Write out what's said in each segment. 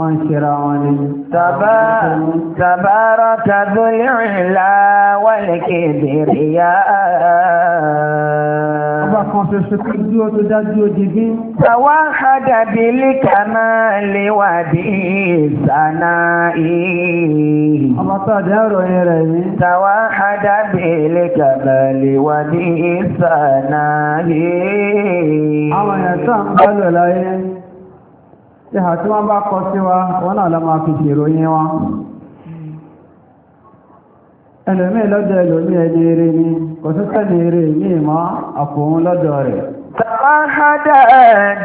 wọ́n kíra wọn ni. Tabaraka dhul ula wal kibriya. Ọba kan ṣoṣo tó dúró tó dájú òjìbí. Tawahada bil kamali wa bi sana'i. Ọba tó àdé ọ̀rọ̀ yẹn rẹ̀ ní. Tawahada bil kamali wa bi sana'i. Àwọn ẹ̀sán ń bá lọ láyé. Ìhà tí wọ́n bá kọ sí wa, wọ́n náà lọ máa fi ṣèròyìn wọn. Ẹlòmí lọ́dọ̀ ẹlòmí ẹni eré ni, kò sí sẹ́ni eré ní ìmọ̀ àpòun lọ́dọ̀ rẹ̀. هدى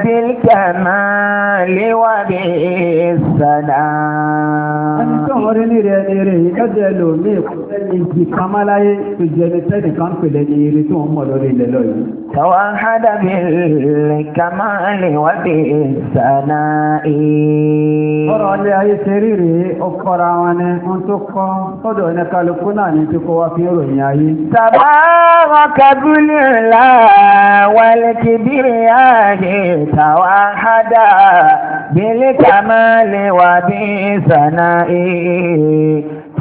بالكمال وبالسلام ẹni tó rẹ̀ ní rẹ̀ ìkẹ́jẹ́ ní ìkùnlẹ̀ ìjì kamaláyé tó jẹ́ ní tẹ́nìkan ní eré tó ń mọ̀ lórí ilẹ̀ lọ́yìn. توحد بالكمال وبالثناء ọ̀rọ̀ ilé ayé ṣe rí ọkọ̀ra wọn ni wọ́n tó kọ́ sọ́dọ̀ بريان توحدا بالكمال وبثناء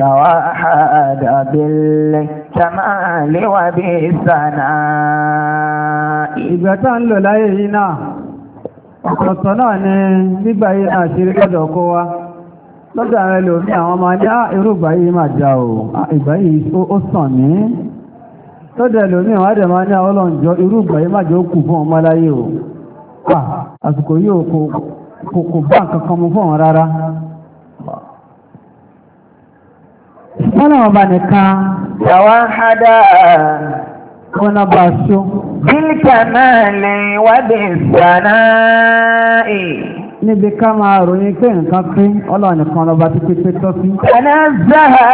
توحد بالكمال وبثناء ìgbà tá ń lò láyé yìí náà ọ̀tọ̀ náà ni gbígbà yìí náà ṣe rí lọ́dọ̀ kó wá lọ́dọ̀ àwọn ẹlòmí àwọn ọmọ ní ah, irú yìí máa já o ah, ìgbà yìí ó sàn ní tọ́dẹ̀ lómi àwọn àdẹ̀má ní àwọn ọlọ́njọ́ irú ìgbà yìí máa jẹ́ òkú fún ọmọ aláyé o pa àsìkò yóò kò bá kan mú fún rárá. ọba nìkan. yàwá hádà. kó bá bílíkà náà lè níbi ká máa ròyìn pé nǹkan pín ọlọ́run nìkan lọ́ba tí pé pé tọ́ sí. tanazaha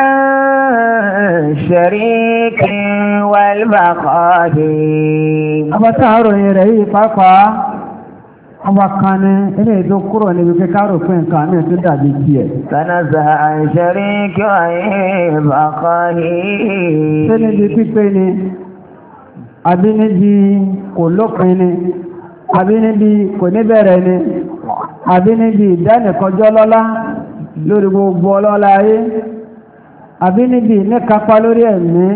an sharikin wal baqadim. ọba tá a ròyìn rẹ̀ yìí pàápàá ọba kan ní ilé ìdó kúrò níbi pé ká rò pé nǹkan náà tó dàbí tiẹ̀. tanazaha an sharikin wal baqadim. ṣé níbi pípé ni àbí níbi kò lópin ni àbí níbi kò ní ni àbí níbi ìdánìkanjọ́ lọ́lá lórí gbogbo ọlọ́lá ayé àbí níbi ìníkapa lórí ẹ̀mí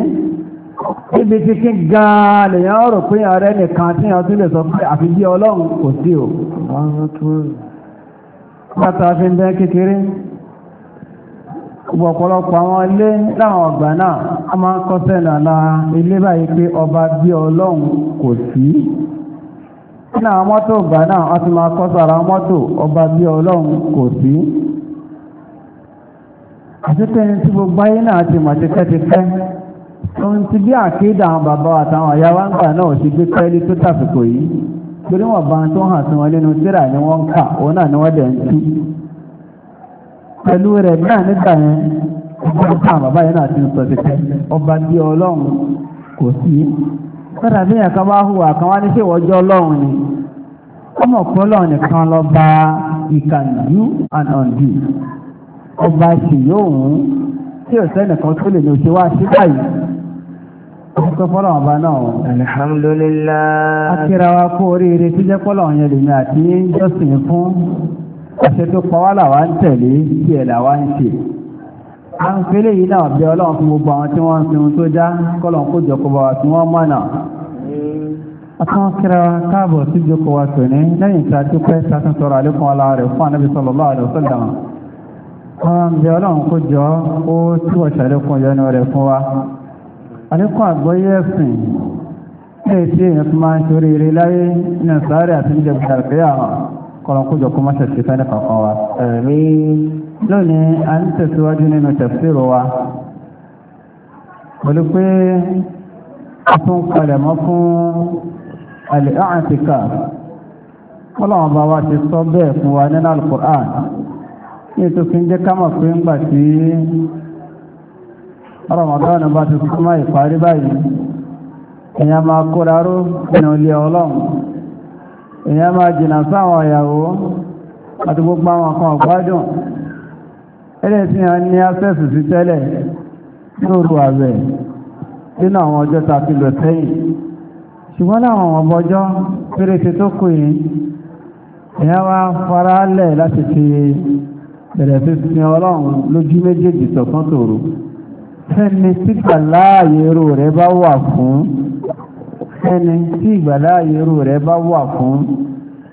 níbi tí kí gan-an lèyàn ọ̀rọ̀ pé ọ̀rẹ́ nìkan tí wọ́n tún lè sọ pé àfi bí ọlọ́run kò sí o látà fi ń bẹ́ kékeré ọ̀pọ̀lọpọ̀ àwọn ilé láwọn ọgbà náà a máa ń kọ́ ilé báyìí pé ọba bí ọlọ́run kò sí nínú àwọn mọ́tò ìgbà náà wọ́n ti máa kọ́ ọba bí ọlọ́run kò sí àti tí gbogbo ayé náà ti mọ̀ tipẹ́tipẹ́ ohun ti bí àkéèdà àwọn bàbá àtàwọn ọ̀yá ń gbà náà ti gbé tó tàfikò yìí torí bá tó hàn sí wọn nínú ni wọ́n ń kà òun náà ni wọ́n dẹ̀ ń tú ọba bí ọlọ́run kọ́dà bí ẹ̀kan bá hùwà kan wá ní ṣe ìwọ́jọ́ ọlọ́run ni ọmọ ọ̀pọ̀lọ́ nìkan lọ bá ìkànnìyú and undo ọba ṣèyóhùn tí ò sẹ́nìkan tó lè ní oṣù wá sí báyìí ọkọ̀ fọ́lọ̀ ọba náà alhamdulillah akíra wa kó oríire tí jẹ́ fọ́lọ̀ yẹn lè ní àti ń jọ́sìn fún àṣẹ tó pa wá làwa ń tẹ̀lé tí ẹ̀ làwa ń ṣe a ń fẹ́lẹ̀ yìí náà bí ọlọ́run fún gbogbo àwọn tí wọ́n ń sinmi tó já kọ́lọ̀ kó jọkọba tí wọ́n mọ̀nà akọ́n kíra káàbọ̀ sí jókòó wa tòní lẹ́yìn tí a ti pẹ́ sàtún sọ̀rọ̀ àlékún ọlá rẹ̀ fún anábì sallallahu alaihi wasallam àwọn bí ọlọ́run kó jọ ó túwọ̀ ṣàlékún yọnu rẹ̀ fún wa àlékún àgbọ́yé ẹ̀sìn lè ṣe èèyàn tó máa ń ṣoríire láyé nínú sáré àti níjẹ̀bù àlùkìyáámà kọ́lọ́ kójọ kó má ṣẹ̀ṣẹ̀ fẹ́ nìkankan wa. ẹ̀rí lónìí a ń tẹ̀síwájú nínú tẹ̀síro wa pẹ̀lú pé a tún kalẹ̀ mọ́ fún alẹ́ àtìkà kọ́lọ́ wọn bá wa ti sọ bẹ́ẹ̀ fún wa nínú alukur'an ní ètò fi ń jẹ́ ká mọ̀ pé ń gbà sí Ramadan bá ti súnmọ́ ìparí báyìí èèyàn máa kóra ró nínú ilé ọlọ́run èèyàn máa jìnnà sáwọn ìyàwó àti gbogbo àwọn kan ọ̀gbádùn ẹlẹ́ tí wọ́n ní access sí tẹ́lẹ̀ lóru àwẹ̀ nínú àwọn ọjọ́ ta ti lọ sẹ́yìn ṣùgbọ́n láwọn ọmọ ọjọ́ péréte tó kù yìí èèyàn wá fara lẹ̀ láti fi bẹ̀rẹ̀ sí sin ọlọ́run lójú méjèèjì tọ̀kan tòru fẹ́ni tí kàláàyè rẹ̀ bá wà fún ẹni tí ìgbàláàyè irú rẹ̀ bá wà fún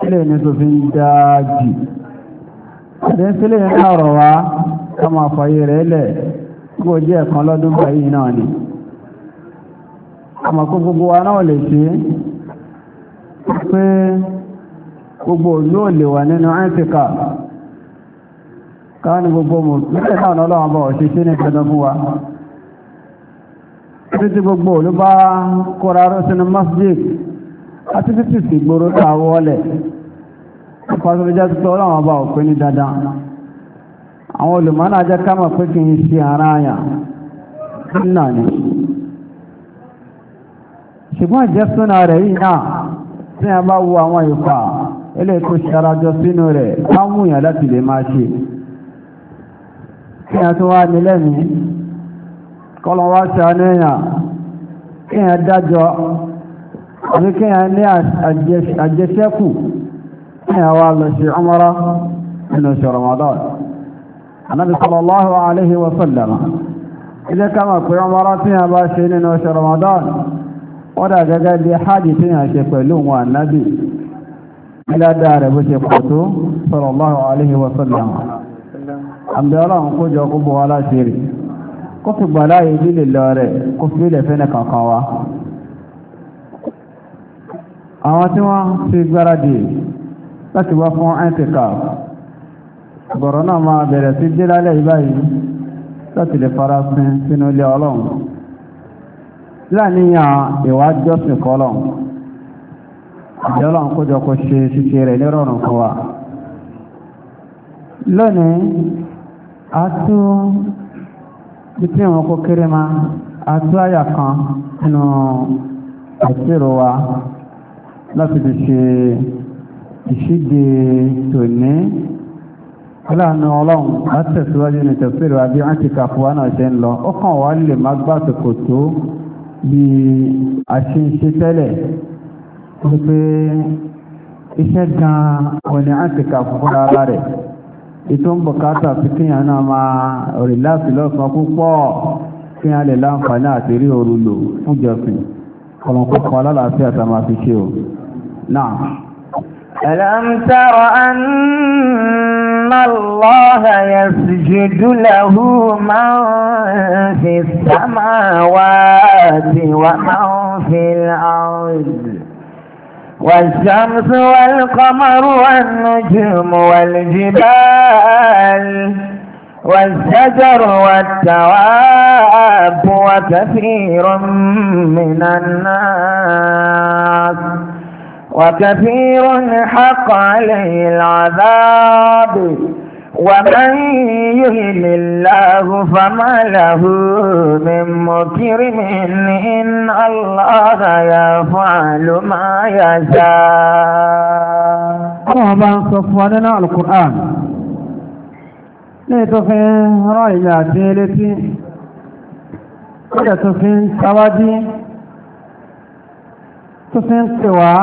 ilé ní tó fi ń dáa jù náà rọ̀ wá ká fàyè rẹ̀ lẹ̀ jẹ́ lọ́dún náà ni àmọ́ gbogbo wa náà lè ṣe pé gbogbo òlú lè wà nínú gbogbo títí gbogbo ló bá kóra ró sínú masjid àti títí sí gbòòrò tá a wọlẹ̀ pàṣẹjá ti tọ́ ọlọ́run ọba òpin ní dandan àwọn olùmọ́nà jẹ́ ká mọ̀ pé kì í ṣe ara àyàn náà ni ṣùgbọ́n ìjẹ́sùnà rẹ̀ yìí náà tí a bá wo àwọn ìfà ilé tó ṣarajọ sínú rẹ̀ bá mú yàn láti lè máa ṣe kí a tó wá nílẹ̀ mi kọlọ̀wọ́ sàánìyàn kíyàn dájọ́ àbí kíyàn ní àjẹsẹ́kù kíyàn wà lọ sí ọmọrá nínú sí Ramadan anábi sallallahu alaihi wasallama ilé kama pé ọmọrá tí a bá ṣe nínú sí Ramadan wọ́dà gẹ́gẹ́ bí hajji tí a ṣe pẹ̀lú wọn nábi iládá rẹ̀ bó ṣe pọ̀ tó sallallahu kó fi gbọ́lá ìlú lè lọ rẹ̀ kó fi lè fẹ́nẹ̀ kankan wa àwọn tí wọ́n fi gbáradì láti wá fún ẹ́ntìkà gbọ̀rọ̀ náà máa bẹ̀rẹ̀ sí dé lálẹ́ ìbáyìí láti lè fara sin sínú ilé ọlọ́run láníyàn ìwájọ́sìn kọlọ̀ ìjọlọ́run kójọ kó ṣe ṣíṣe rẹ̀ nírọ̀rùn fún wa lónìí a tún títí àwọn kó kéré ma àti àyà kan nínú àṣírò wa láti fi ṣe ìṣíde tòní aláàánú ọlọ́run látẹ̀síwájú ní tẹ̀síwájú àbí àǹtíkà fúwa náà ṣe ń lọ ó kàn wá lè má gbàtòkò tó bí a tẹ́lẹ̀ wípé iṣẹ́ gan-an òní àǹtíkà fúwa rárá rẹ̀ ètò bọ̀kátà sí kíyàn náà máa rìláàsì lọ́sàn púpọ̀ kíyàn lè láǹfààní àti rí òru lò fún jọsìn ọmọkùnkùn alálàáfíà tá fi ṣe o náà. ألم تر أن الله يسجد له من في السماوات ومن في الأرض والشمس والقمر والنجوم والجبال والشجر والتواب وكثير من الناس وكثير حق عليه العذاب ومن يهل الله فما له من مكرم إن الله يفعل ما يشاء الله بان صفواننا القرآن لتفين رأي ياتي لتي ولتفين tún fi ń pè wá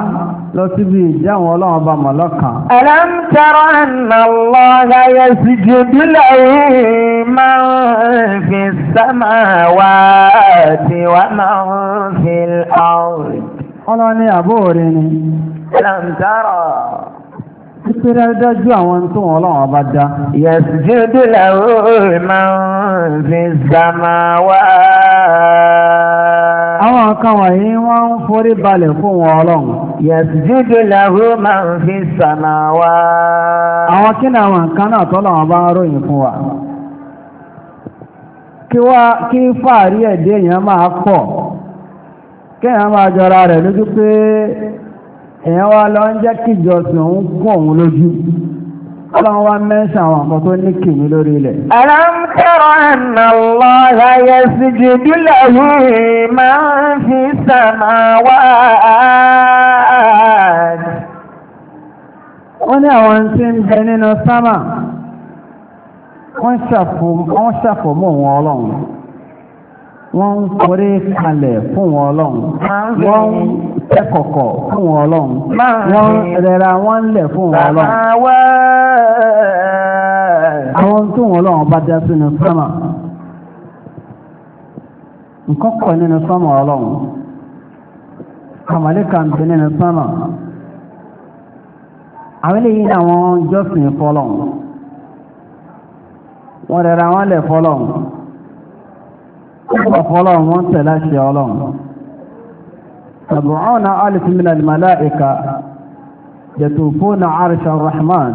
lọ síbi ìjẹ́ àwọn ọlọ́run ọba mọ̀lọ́kan. alam tara anna Allaha yasjudu lahu man fi samawati wa man fil ardi. ọlọ́run ní àbó òre ni. alam tara. Ìpínlẹ̀ dájú àwọn tó wọn ọlọ́run ọba dá. Yasjudu lahu man fi samawati. àwọn kan wọ́n ń balẹ̀ fún wọn ọlọ́run. yẹ̀sùjúdù làwọn máa ń fi sànà wá. àwọn kí ni àwọn nǹkan náà wọn bá ń ròyìn fún wa. kí wá kí fàárí ẹ̀dẹ́ èèyàn máa pọ̀ kí èèyàn máa jọra rẹ̀ lójú pé èèyàn wá lọ ń jẹ́ òun kún Ọlọ́run wa mẹ́ṣẹ́ àwọn àmọ́ tó ní kìmí lórí ilẹ̀. Alam tara anna Allaha yasjudu lahu man fi samawati. Wọ́n ní àwọn tí ń bẹ nínú sámà, wọ́n ṣàfòmọ́ wọn ọlọ́run wọ́n ń forí kalẹ̀ fún wọn ọlọ́run wọ́n ń tẹ́kọ̀kọ̀ fún wọn ọlọ́run wọ́n rẹra wọ́n ń lẹ̀ fún wọn ọlọ́run. àwọn tó wọn ọlọ́run bá dá sínú sọ́mà nǹkan pọ̀ nínú sọ́mà ọlọ́run àmàlíkà ń bẹ nínú sọ́mà àwọn eléyìí ni àwọn jọ́sìn fọlọ́run wọ́n rẹra wọ́n lẹ̀ fọlọ́run nípa fọ́lọ́run wọ́n tẹ̀lé àṣẹ ọlọ́run sàbùrọ̀nà alif min al-mala'ika yatufuna arsha rahman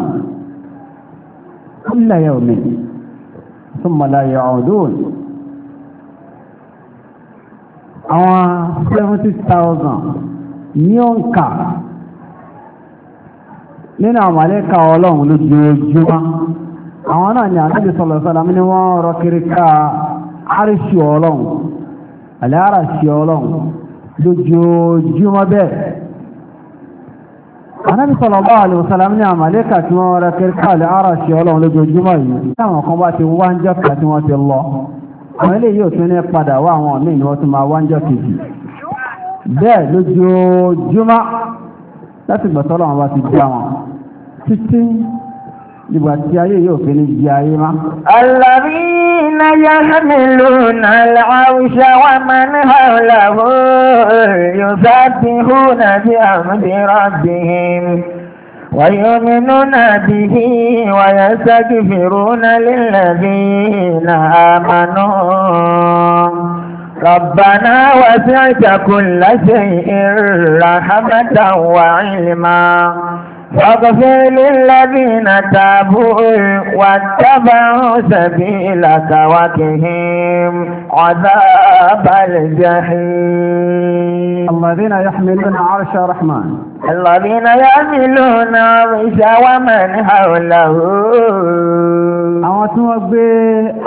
kulla yawmin thumma la ya'udun àwọn 70,000 ní òǹkà nínú àwọn àlékà ọlọ́run lójoojúmọ́ àwọn náà ni àtàbí sọ̀lọ̀sọ̀lọ̀ ní wọ́n rọ kiri káà àrìsí ọlọ́run àlárasí ọlọ́run lójoojúmọ́ bẹ́ẹ̀ anábì sọ̀lọ̀bá alìwòsàlám ní àmàlẹ́kà tí wọ́n rẹ̀ kẹ́kẹ́ àlárasí ọlọ́run lójoojúmọ́ yìí táwọn kan bá ti wá ń jọ́kà tí wọ́n ti lọ àwọn ilé yóò tún ní padà wá àwọn míì ni wọ́n tún máa wá ń jọ́kì jì bẹ́ẹ̀ lójoojúmọ́ láti gbọ̀tọ́ lọ́wọ́n bá ti dá wọn títí ìgbà tí ayé yóò fi ní di ayé má. àlàrí الذين يحملون العرش ومن حوله يسبحون بأمر ربهم ويؤمنون به ويستغفرون للذين آمنوا ربنا وسعت كل شيء رحمة وعلما واغفر للذين تابوا واتبعوا سبيلك وقهم عذاب الجحيم الذين يحملون عرش الرحمن الذين يحملون عرش ومن حوله àwọn tí wọ́n gbé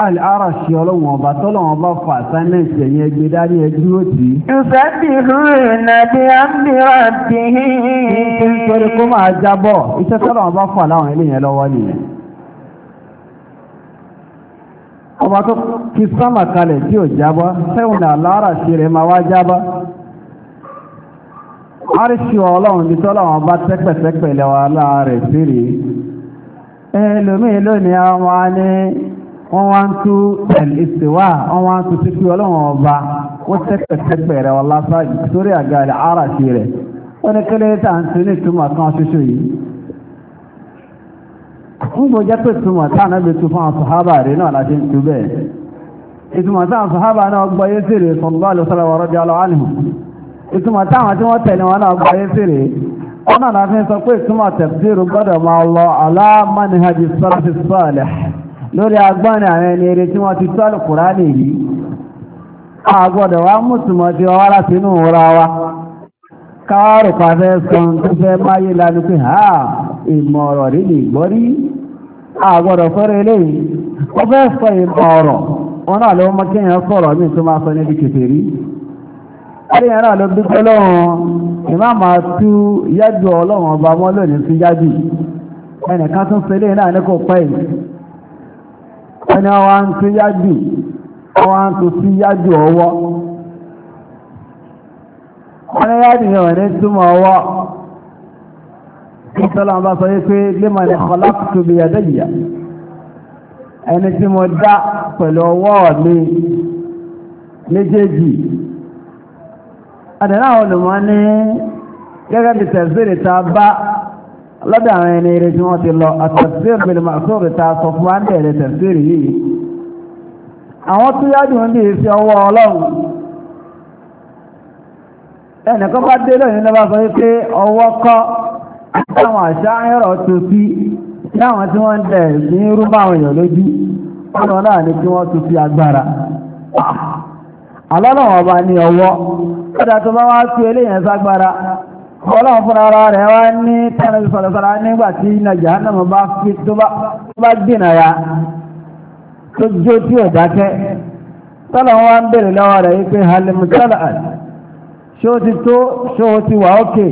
al-Arash ọlọ́wọ̀n ọba tọ́lọ̀wọ̀n bá fà sáínẹ̀tì ẹ̀yìn ẹgbẹ́ dárí ẹdúró tí. yusabbihuna bihamdi rabbihim. kí n torí kó máa jábọ̀ iṣẹ́ tọ́lọ̀wọ̀n bá fà láwọn eléyẹn lọ́wọ́ nìyẹn. ọba tó àríṣì ọlọ́run ní tọ́lọ̀wọ̀n bá tẹ́pẹ̀tẹ́pẹ̀ lẹ́wọ̀ aláàrẹ̀ sí rèé ẹlòmíì lónìí ọmọ wa ní wọ́n wá ń tú ìsìwá wọ́n wá ń tú ọlọ́wọ́n ọba wọ́n tẹ́pẹ̀tẹ́pẹ̀ rẹ̀ wọ́n lásán sórí àga rẹ̀ ara sí rẹ̀ wọ́n ní kílé ń tún ní kan ṣoṣo yìí. ń bò jẹ́ pé ìtumọ̀ tá à náà lè tún fún àwọn sàhábà rẹ̀ náà láti ń tu bẹ́ẹ̀. ìtumọ̀ sàhábà náà gbọ́ yé sèrè ọ̀nà láti sọ pé ìtumọ̀ tẹ̀síru gbọ́dọ̀ máa lọ aláàmánihàjì sọ́lọ́fì sọ́ọ̀lẹ̀ lórí agbọ́nà àwọn ẹni eré tí wọ́n ti sọ́ọ̀lù kùránì yìí àgbọ̀dọ̀ wá mùsùlùmọ̀ tí wọ́n wára sínú ìwúra wa káàrù pàfẹ́ sọ́n fẹ́ ha ìmọ̀ ọ̀rọ̀ rí ní ìgbọ́rí àgbọ̀dọ̀ sọ ìmá máa tú yájú ọlọ́run ọba mọ́ lónìí sí yájú ẹnìkan tún fẹ́ lẹ́yìn náà ní kò pẹ́ yìí ẹni ọwá ń tú yájú ọwá ń tú sí yájú ọwọ́ ọ̀rẹ́ yájú yẹn wọ̀n ní túmọ̀ ọwọ́ ìtọ́lá bá sọ wípé lẹ́mọ̀ ní khalaqtu bi yadayya ẹni tí mo dá pẹ̀lú ọwọ́ mi méjèèjì àdẹ̀rẹ́ àwọn olùmọ́ ní gẹ́gẹ́ bí tẹ̀sírì ta bá lọ́dọ̀ àwọn ẹni ere tí wọ́n ti lọ àtẹ̀sírì bí màsúrì ta sọ fún wa ń bẹ̀rẹ̀ tẹ̀sírì àwọn tó yájú ń bí ìfi ọwọ́ ọlọ́run bá dé lónìí sọ ọwọ́ kọ́ àṣà ẹ̀rọ tó fi tí wọ́n ń dẹ̀ èèyàn lójú náà kí wọ́n fi kọ́dà tó bá wá tú eléyàn ságbára ọlọ́run fún ara rẹ̀ wá ní tẹ́lẹ̀ sọ̀rọ̀sọ̀rọ̀ nígbà tí iná jahannama bá fi tó bá dìnà ya tó jó tí ò dákẹ́ tọ́lọ̀ wá ń bèèrè lọ́wọ́ rẹ̀ wípé halimutala ṣé ó ti tó ṣé ó ti wà ókè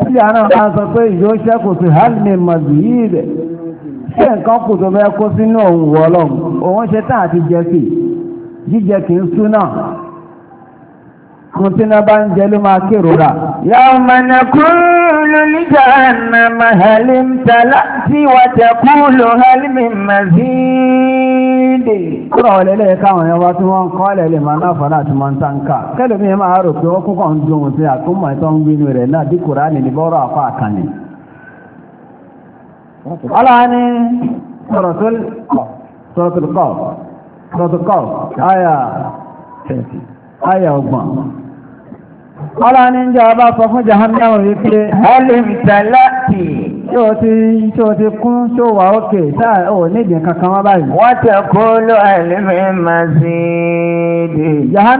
tí àná máa sọ pé ìjó ṣẹ́kù sí halimi mazid ṣé nǹkan Fún tí náà bá ń jẹ ló máa kérora. Yawma naqulu li jahannama hal imtala'ti wa taqulu hal min mazid. Kúrò wọlé lẹ́yìn káwọn ẹ̀yàn wá tí wọ́n ń kọ́ lẹ́lẹ̀ máa náà fọ́nà àti máa ń tán ká. Kẹ́lẹ̀ mi máa rò pé wọ́n kúkọ̀ ń dùn sí àtúmọ̀ ìtọ́ ń gbinú rẹ̀ náà bí Kùránì ní bọ́rọ̀ àfọ́ àkànnì. Ọlọ́ni Suratul Qaf, Suratul Qaf, Suratul Qaf, Aya ayà ọgbọ̀n ọlá ní jẹ́ ọba sọ fún jahannama wípé ẹlẹ́mìtàláàtì tó ti tó ti kún tó wà ókè sáà ò nídìí kankan wọ́n báyìí wọ́n tẹ kó ló ẹlẹ́mì mazidi náà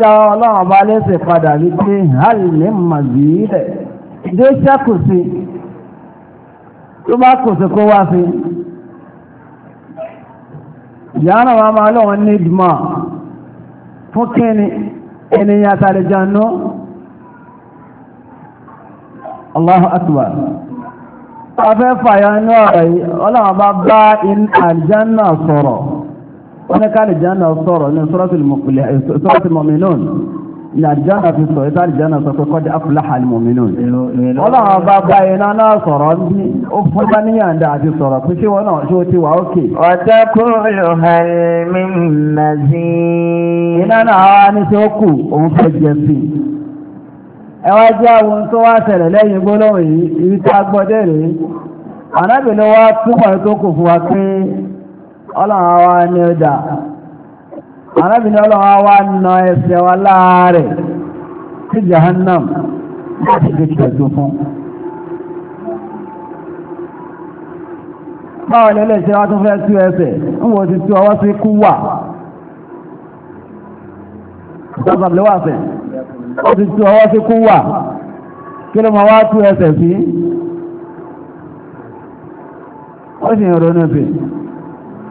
dá ọlọ́run ọba lẹ́sẹ̀ padà wípé ẹlẹ́mì mazidi dé ṣẹ́kù sí tó bá sí kó wá sí máa nídìí fún kíni ènìyàn àtàlẹ̀jànú Allahu akbar afẹ́ fàyà ní ọ̀rọ̀ yìí ọlọ́wọ́n bá bá àlìjánà sọ̀rọ̀ wọ́n ní ká àlìjánà sọ̀rọ̀ ní suratul ìyàjánà fi sọ ìtàrí jánà sọ pé kọ́dí afúláhà ni mọ̀mínú ọlọ́run bá bá iná náà sọ̀rọ̀ ní ó fún bá sọ̀rọ̀ pé ṣé wọ́n náà ó ti wà ókè. ọ̀tẹ́ kúrò hal min iná náà wá ní tí ó òun fẹ́ jẹ sí ẹ wá jẹ́ tó wá ṣẹlẹ̀ lẹ́yìn gbólóhùn yìí ibi a gbọ́ dé rèé. ànábìlẹ̀ túbọ̀ arábìnrin ọlọ́wọ́ wá nà ẹsẹ̀ wa láàárẹ̀ sí jahannam láti fi tẹ̀sùn fún báwọn ilẹ̀ ṣe wá tó fẹ́ tú ẹsẹ̀ ń wo ti tú ọwọ́ sí kú wà sábàbíwàfẹ́ ó ti tú ọwọ́ sí kú wà kí ló máa wá tú ẹsẹ̀ sí ó sì ń ronú bìí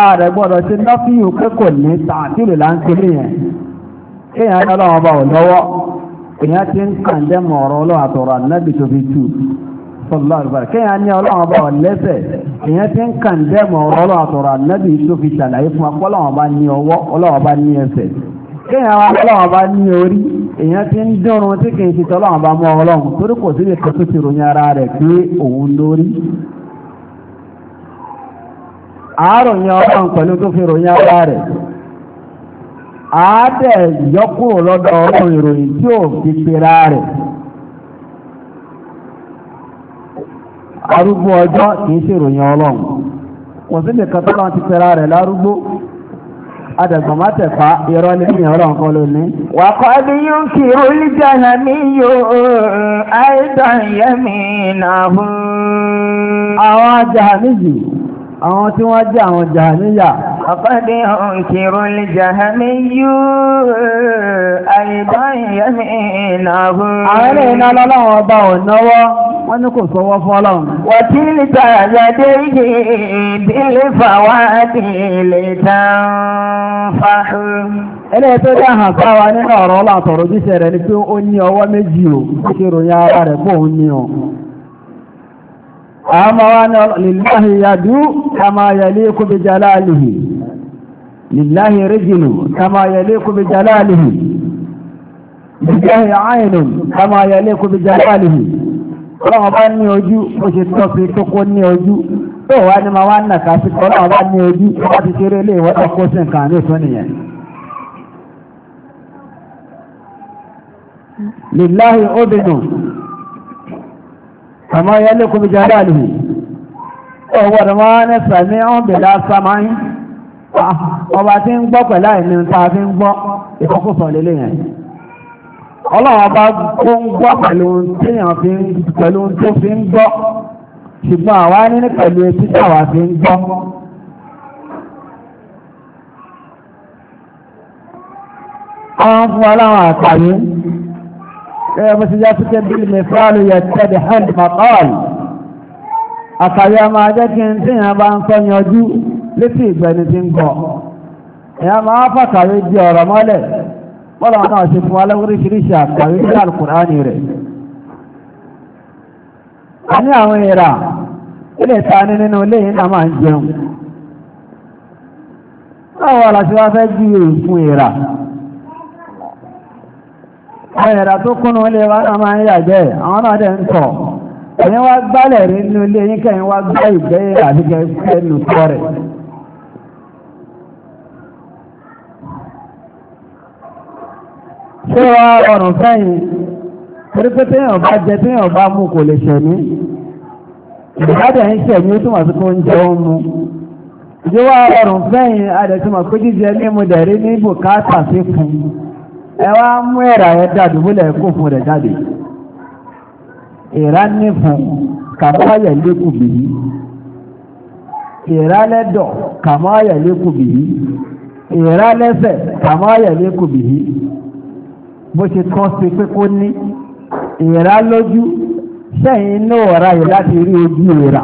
ààrẹ gbọ́dọ̀ ṣe nọ́fíyù pé kò ní tààtìlù láńkìlì yẹn kéèyàn ní ọlọ́run ọba ò lọ́wọ́ èèyàn ti ń kàndẹ́ mọ̀ ọ̀rọ̀ ọlọ́run àtọ̀rọ̀ ànábì tó fi tù sọlá àlùbárà kéèyàn ní ọlọ́run ọba ò lẹ́sẹ̀ èèyàn ti ń kàndẹ́ mọ̀ ọ̀rọ̀ ọlọ́run àtọ̀rọ̀ ànábì tó fi ṣàlàyé fún akọ́ ọlọ́run ọba ní ọwọ́ ọlọ́run ọba ní ẹsẹ̀ kéèyàn wá ọlọ́run ọba ní orí èèyàn ti ń dúnrun tí kì àárọ̀ yẹn ọlọ́run pẹ̀lú tó fi ròyìn ara rẹ̀ àádẹ́ yọkúrò lọ́dọ̀ ọlọ́run ìròyìn tí ò fi pera rẹ̀ arúgbó ọjọ́ kìí ṣe ìròyìn ọlọ́run kò sí lọ́n ti pera rẹ̀ lárúgbó adàgbàmátẹ̀fà ìrọ́ lẹ́yìn ọlọ́run kan lónìí. wà bí àwọn tí wọ́n jẹ́ àwọn jahaniya. Àfẹ́dé òǹkìrò lè jahami yóò àìdá ìyẹ́mì ìnáwó. Àwọn ilé iná lọ́lọ́wọ́ ọba ò náwọ́, wọ́n ní kò sọwọ́ fún ọlọ́run. Wọ́n tí lè ta àjọdé yìí ìdílé fàwádì lè tán fáhù. Ilé tó dá hàn sáwa nínú ọ̀rọ̀ ọlọ́tọ̀rọ̀ jíṣẹ́ rẹ̀ ni pé ó ní ọwọ́ méjì ò, kí ròyìn ara rẹ̀ pọ̀ òun ní ọ àmọ́ wá ní lìláhì yàdú kama yaliku bi jalalihi lìláhì rijlu kama yaliku bi jalalihi lìláhì aynun kama yaliku bi jalalihi ọlọ́wọ́ bá ní ojú ó ṣe tọ́ sí tó kó ní ojú tó wá ní ma wá ń nàka sí ọlọ́wọ́ bá ní ojú tó ti ṣeré ilé ìwọ́tọ̀ kó sí nǹkan àmì ìtún nìyẹn lìláhì obìnrin kama yaliku bi jalalihi ọwọ́ ọ̀dọ̀mọ́ ní sàmí ọ̀bẹ̀lá samáyí ọba tí ń gbọ́ pẹ̀lá ìní ta fi ń gbọ́ ìkọkùsọ̀ lélẹ̀ yẹn ọlọ́wọ́ bá kó ń gbọ́ pẹ̀lú tó fi ń gbọ́ ṣùgbọ́n àwa ní ní pẹ̀lú etí tàwa fi ń gbọ́ ọ̀rọ̀ fún ọlọ́wọ́ àtàrí كما سجافت بالمثال يتبح المقال أقيا ما جاك انتنا بانسان يجو لتي بنتين قو يا ما فكا يجي ورمالي ولا أنا أشوف ولا أريد ريشا كويس القرآن يري أنا أميرا ilé ìtaní nínú ilé ìná máa ń jẹun báwo la ṣe wá fẹ́ bí èrò fún ìrà ẹ̀rà tó kúnnú ilé wa náà máa àwọn náà ń tọ̀ ẹ̀yin wá gbálẹ̀ rí nínú ilé yín kẹ́yìn wá gbá ìgbẹ́ àdígẹ́ ẹnu tọ́ rẹ̀ wá ọ̀rùn fẹ́yìn torí pé bá jẹ téèyàn bá mú kò lè ṣẹ̀mí ń ṣẹ̀mí ó ẹwà mú ẹ̀rà ẹ̀ dàdù múlẹ̀ kó fún rẹ̀ jáde ìrá ní fún kàmáyẹ̀ lékù bìí ìrá lẹ́dọ̀ kàmáyẹ̀ lékù bìí ìrá lẹ́sẹ̀ kàmáyẹ̀ lékù bìí bó ṣe kọ́ sí pé kó ní ìrá lójú sẹ́yìn inú ọ̀rá yìí láti rí ojú ìrà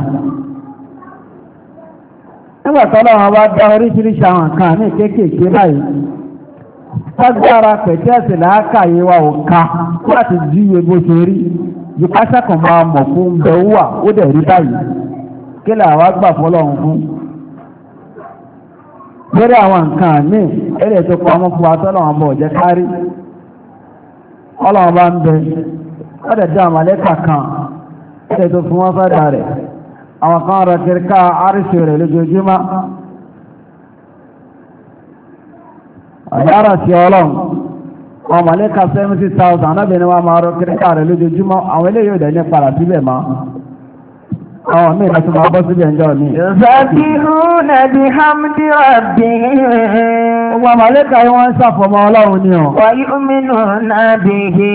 nígbàtọ́lọ́wọ́n bá dá oríṣiríṣi àwọn kan ní kéékèèké báyìí tágbára pẹ̀tẹ́ẹ̀sì làákà yìí wá ò ká láti jíye bó ṣe rí ìpáṣẹ kan máa mọ̀ fún bẹ̀ ó wà ó dẹ̀ rí báyìí kí làwa gbà fọlọ́run fún. lórí àwọn nǹkan míì eré tó pamọ́ fún wa tọ́lọ́wọ́n bọ̀ jẹ́ kárí ọlọ́wọ́n bá ń bẹ ó dẹ̀ dá kan tó fún wọn fẹ́ kan àdára sí ọlọ́run wọn mọ̀lẹ́ka seventy thousand anábìnrin wa máa rọ kíríkà rẹ̀ lójoojúmọ́ àwọn eléyìí ò dẹ̀ padà síbẹ̀ mọ́ àwọn mí ìlàtí máa bọ́ síbẹ̀ ń jọ ní. rabbi Gbogbo àmàlẹ́kà yìí wọ́n ń ṣàfọ̀mọ́ ọlọ́run ni ọ̀. Wàyí mínú náà bí i.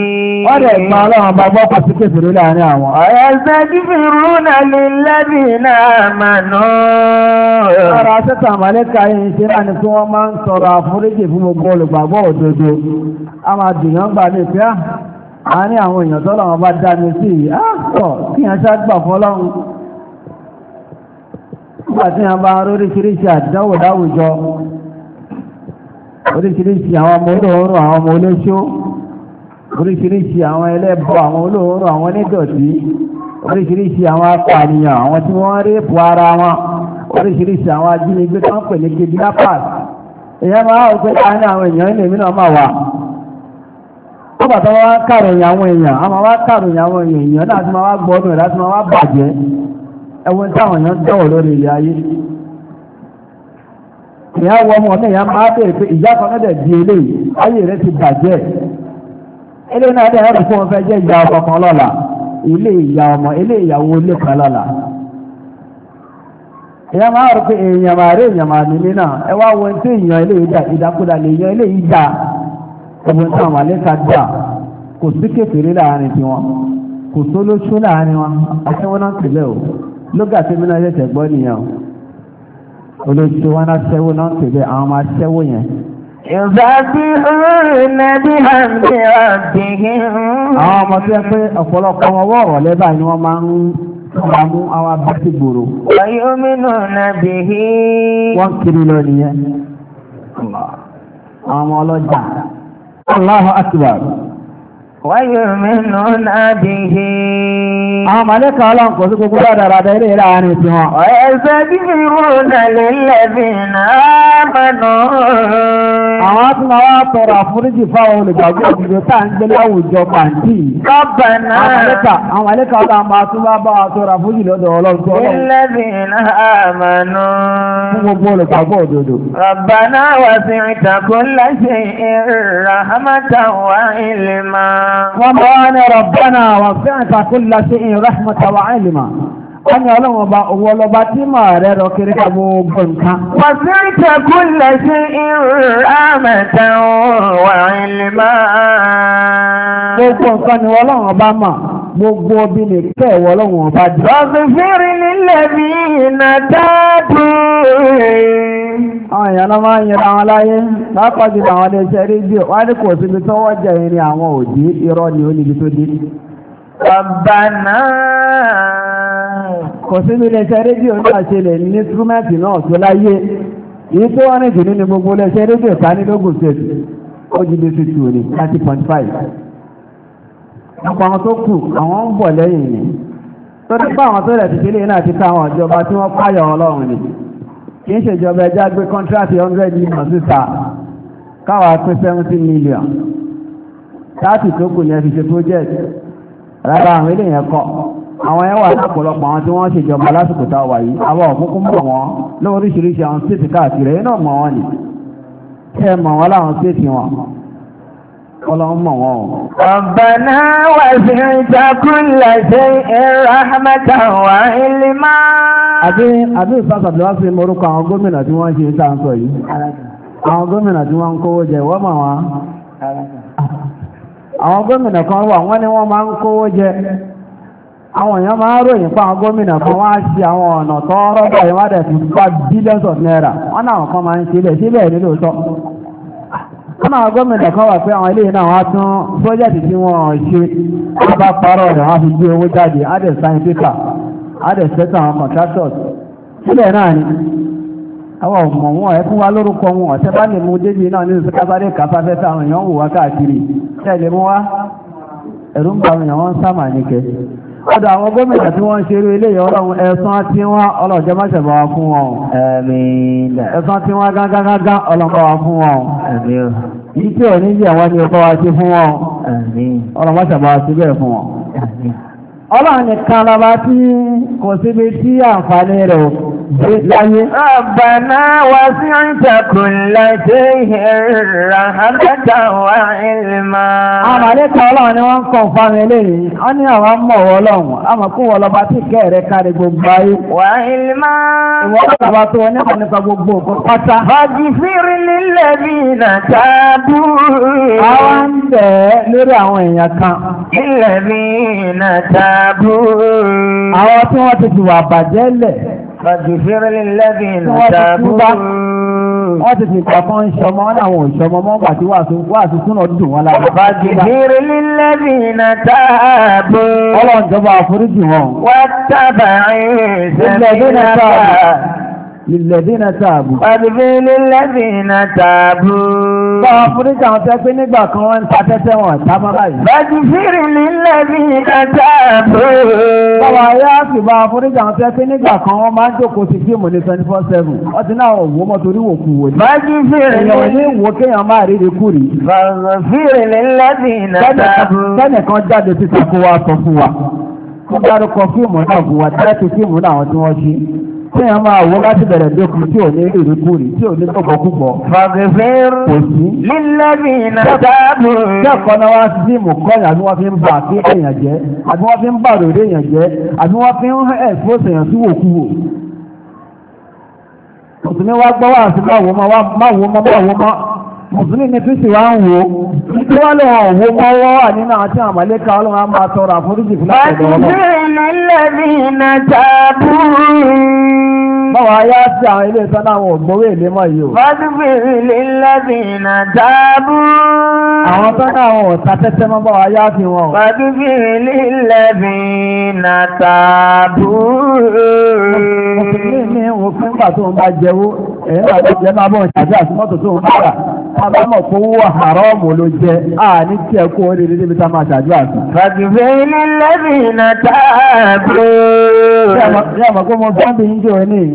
Wọ́n dẹ̀ gba ọlọ́run bá gbọ́ pàtí kéfèrè láàrin àwọn. Ọ̀yà ṣẹ́jú fi rúnà lè lẹ́bì náà mànà. Ọ̀rọ̀ àṣẹ́ta àmàlẹ́kà yìí ṣe náà ni tí wọ́n máa ń sọ̀rọ̀ àforíjì fún gbogbo olùgbàgbọ́ òdodo. A máa dùnyàn gbà ní ìfẹ́ àárín ah, àwọn èèyàn tó lọ́wọ́ bá dá mi sí ìyá pọ̀ ah, kí yẹn ṣá gbà fọlọ́run. Nígbà tí yẹn bá ń róríṣiríṣi àdánwò láwùjọ, oríṣiríṣi àwọn ọmọ olóòórùn àwọn ọmọ olóṣó oríṣiríṣi àwọn ẹlẹ́bọ àwọn olóòórùn àwọn onídọ̀tí oríṣiríṣi àwọn apànìyàn àwọn tí wọ́n réèpù ara wọn oríṣiríṣi àwọn ajínigbé tó ń pè ní kidnappers èèyàn máa ń pè ká ní àwọn èèyàn ilé mi náà máa wà ó bàtà wọn wá kàròyìn àwọn èèyàn a máa wá kàròyìn àwọn èèyàn náà ti máa ìyá wọ ọmọ ọ̀tẹ́ ìyá máa bẹ̀rẹ̀ pé ìyá kan náà di eléyìí ayé rẹ̀ ti bàjẹ́ eléyìí náà dẹ̀rẹ̀ fún ọfẹ́ jẹ́ ìyá ọkọ kan lọ́la ilé ìyá ọmọ ilé ìyàwó ilé kan lọ́la ìyá máa rò pé èèyàn máa rí èèyàn máa nílé náà ẹ wá wo tí èèyàn eléyìí dà ìdákúdà lè yan eléyìí dà ọgbọ̀n táwọn màlẹ́ka dà kò sí kékeré láàrin tiwọn kò sólóṣó láàrin wọn àti wọn náà olóṣù wọn náà ṣẹ́wó náà tẹ̀lé àwọn ọmọ aṣẹ́wó yẹn. ìbájú nàbí àmì ọ̀dìhìn. àwọn ọmọ tó yẹ pé ọ̀pọ̀lọpọ̀ wọn wọ̀ ọ̀rọ̀lẹ́ báyìí wọ́n máa ń ọmọ mú àwọn abẹ́sí gbòòrò. ọ̀yọ́ mínú nàbí. wọ́n kiri lọ nìyẹn. àwọn ọlọ́jà. Allahu akbar wáyé mẹ́nu náà bí i. Àwọn màlẹ́kà ọlọ́run kò sí gbogbo dáadáa ilé láàrin ti wọn. Ẹ̀sẹ̀ àwọn tí wọ́n wá tọrọ àforíjì fáwọn olùgbàgbọ́ òdìdó tá ń gbé láwùjọ pàǹtì. Rabbana. Àwọn àlékà ọ̀gá máa tún bá bá wa tọrọ àforíjì lọ́dọ̀ ọlọ́run tó ọlọ́run. Lillazina Fún gbogbo olùgbàgbọ́ òdodo. Rabbana wasi'ta kulla shay'in rahmatan wa ilma wọ́n ní ọlọ́run ọba owó ọlọ́ba tí mà rẹ̀ rọ kiri ká gbogbo nǹkan. wọ́n ti ń tẹ̀kú lẹ̀ sí irun àmẹ̀tẹ̀ wà ilé máa. gbogbo nǹkan ni ọlọ́run mà gbogbo bí lè tẹ̀ wọ ọlọ́run jù. ọ̀sìn nílẹ̀ mi iná dáàbò. àwọn èèyàn náà máa ń yẹra wọn láyé lápájú àwọn iléeṣẹ́ rédíò wọn ní kò síbi tó jẹ irin àwọn òdì irọ́ ni ó níbi tó dé. Bàbá náà kò sínú iléeṣẹ́ rédíò náà ṣe lè ní túrúmẹ́ǹtì náà tó láyé èyí tó wọ́n rìn jù nínú gbogbo iléeṣẹ́ rédíò ìtànílógún state ó ju bí fifty ní thirty point five ọ̀pọ̀ àwọn tó kù àwọn ń bọ̀ lẹ́yìn ni tó nípa àwọn tó rẹ̀ tìkílé náà ti ká àwọn ìjọba tí wọ́n pààyà ọlọ́run ni kì í ṣèjọba ẹja gbé kọ́ńtíráàtì hundred million síta káwa pín seventy million thirty tó kù ní ẹ fi ṣe project rárá àwọn eléyàn kọ́ àwọn ẹwà lápọ̀lọpọ̀ àwọn tí wọ́n ṣe jọba lásìkò tá a wà yìí àwọn òkúnkún mọ̀ wọ́n lóríṣiríṣi àwọn stéètì káàkiri ẹ̀yin náà mọ̀ wọ́n ni ẹ mọ̀ wọ́n láwọn stéètì wọn ọlọ́run mọ̀ wọ́n o. Rabbana wasi'ta kulla shay'in rahmatan wa ilma. àbí àbí ìfàsàbíwá sí morúkọ àwọn gómìnà tí wọ́n ṣe tá à ń yìí àwọn gómìnà tí wọ́n ń kówó jẹ wọ́n mọ̀ wọ́n àwọn gómìnà kan wà wọ́n ní wọ́n máa ń kówó jẹ àwọn èèyàn máa ń ròyìn fún àwọn gómìnà kan wá sí àwọn ọ̀nà tó rọ́bọ̀ yìí wá dẹ̀fi billions of naira wọ́n náà kan máa ń ṣe ilẹ̀ nílò wọ́n náà kan wà pé àwọn ilé náà wá tún pọ́jẹ́tì tí wọ́n ṣe wọ́n bá parọ́ rẹ̀ wọ́n fi gbé owó jáde adẹ̀ sign paper adẹ̀ àwọn contractors náà ni àwọn ọmọ wọn ẹ fún wa lórúkọ wọn ọ̀dọ̀ àwọn gómìnà tí wọ́n ń ṣeré eléyìí ọlọ́run ẹ̀san tí wọ́n ọlọ́jọ́ má ṣẹ̀bọ̀ wá fún wọn ẹ̀san tí wọ́n gángangán ọlọ́mọ wá fún wọn yìí tí ò ní yẹ̀ wọ́n ní ọkọ̀ wá sí fún wọn ọlọ́mọ ṣẹ̀bọ̀ wá síbẹ̀ fún wọn ọlọ́run nìkan lọba tí kò síbi tí àǹfààní rẹ̀ láyé. Rabbana wasi'ta kulla shay'in rahmatan wa ilma. Àmàlékà ọlọ́run ni wọ́n ń kọ̀ fún mi léyìí. Wọ́n ní àwọn mọ̀ ọlọ́run. Àmọ̀ kó lọba tí kẹ́ kárí gbogbo ayé. Wa ilma. Ìwọ lọ́ba tó wọ nípa nípa gbogbo nǹkan pátá. Faghfir lilladhina tabu. Àwọn ń bẹ̀ẹ́ lórí àwọn èèyàn kan. Lilladhina tabu. تابون àwọn tí wọ́n ti fi wà bàjẹ́ lẹ̀ fàjùfẹ́rẹ́ lẹ́bìn tàbún wọ́n ti fi pàpọ̀ ń ṣọmọ láwọn òṣọmọ mọ́ pàtí wà sí súnà dùn wọn lára. fàjùfẹ́rẹ́ lẹ́bìn tàbún ọlọ́njọba àforíjì wọn. wọ́n tábà ń sẹ́bìn náà. للذين تابوا فاغفر للذين تابوا Bá a fún níjà wọn tẹ́ pé nígbà kan wọ́n ń ta tẹ́tẹ́ wọn ta mọ́ra yìí. Bẹ́ẹ̀ni fírì nílẹ̀ bí ẹja bò. Bàbá ayé àti bá a fún níjà wọn pé nígbà kan wọ́n máa ń jókòó sí fíìmù ní twenty four seven. Wọ́n ti náà wò mọ́ torí wò kú wò ni. Bẹ́ẹ̀ni fírì ní. Èèyàn ní wo kéèyàn máa rí rí kú rí. Bẹ́ẹ̀ni fírì nílẹ̀ bí ẹja bò. Kẹ́nìkan jáde Téèyàn máa wọ láti bẹ̀rẹ̀ lókun tí ò ní ìrìkúrì tí ò ní gbọ̀gbọ̀kúgbọ̀. Fàgbẹ̀fẹ́rù kò sí. Lílẹ́bì náà wá sí ni wọ́n fi ń bà kí èèyàn jẹ́, àbí wọ́n fi ń bà èèyàn jẹ́, àbí wọ́n fi ń mùsùlùmí ni fífi wá ń wo tí wọ́n lè hàn wo kọ́wọ́ wà àti àmàlẹ́kà ọlọ́run á máa tọrọ àforíjì fún láti Mọ́wàá yá sí àwọn ilé ìtọ́nà àwọn ògbówé ilé mọ́ yìí o. Fọ́dúnfèrè lè lọ́bì ìnà dáàbù. Àwọn tọ́nà àwọn ọ̀tá tẹ́tẹ́ mọ́ bọ́wàá yá fi wọn. Fọ́dúnfèrè lè lọ́bì ìnà dáàbù. Mùsùlùmí ni wọ́n fún ìgbà tó ń bá jẹ́wó, èyí náà tó jẹ́ máa kó wà àrọ́ọ̀mù a ní ń jẹ́ òní.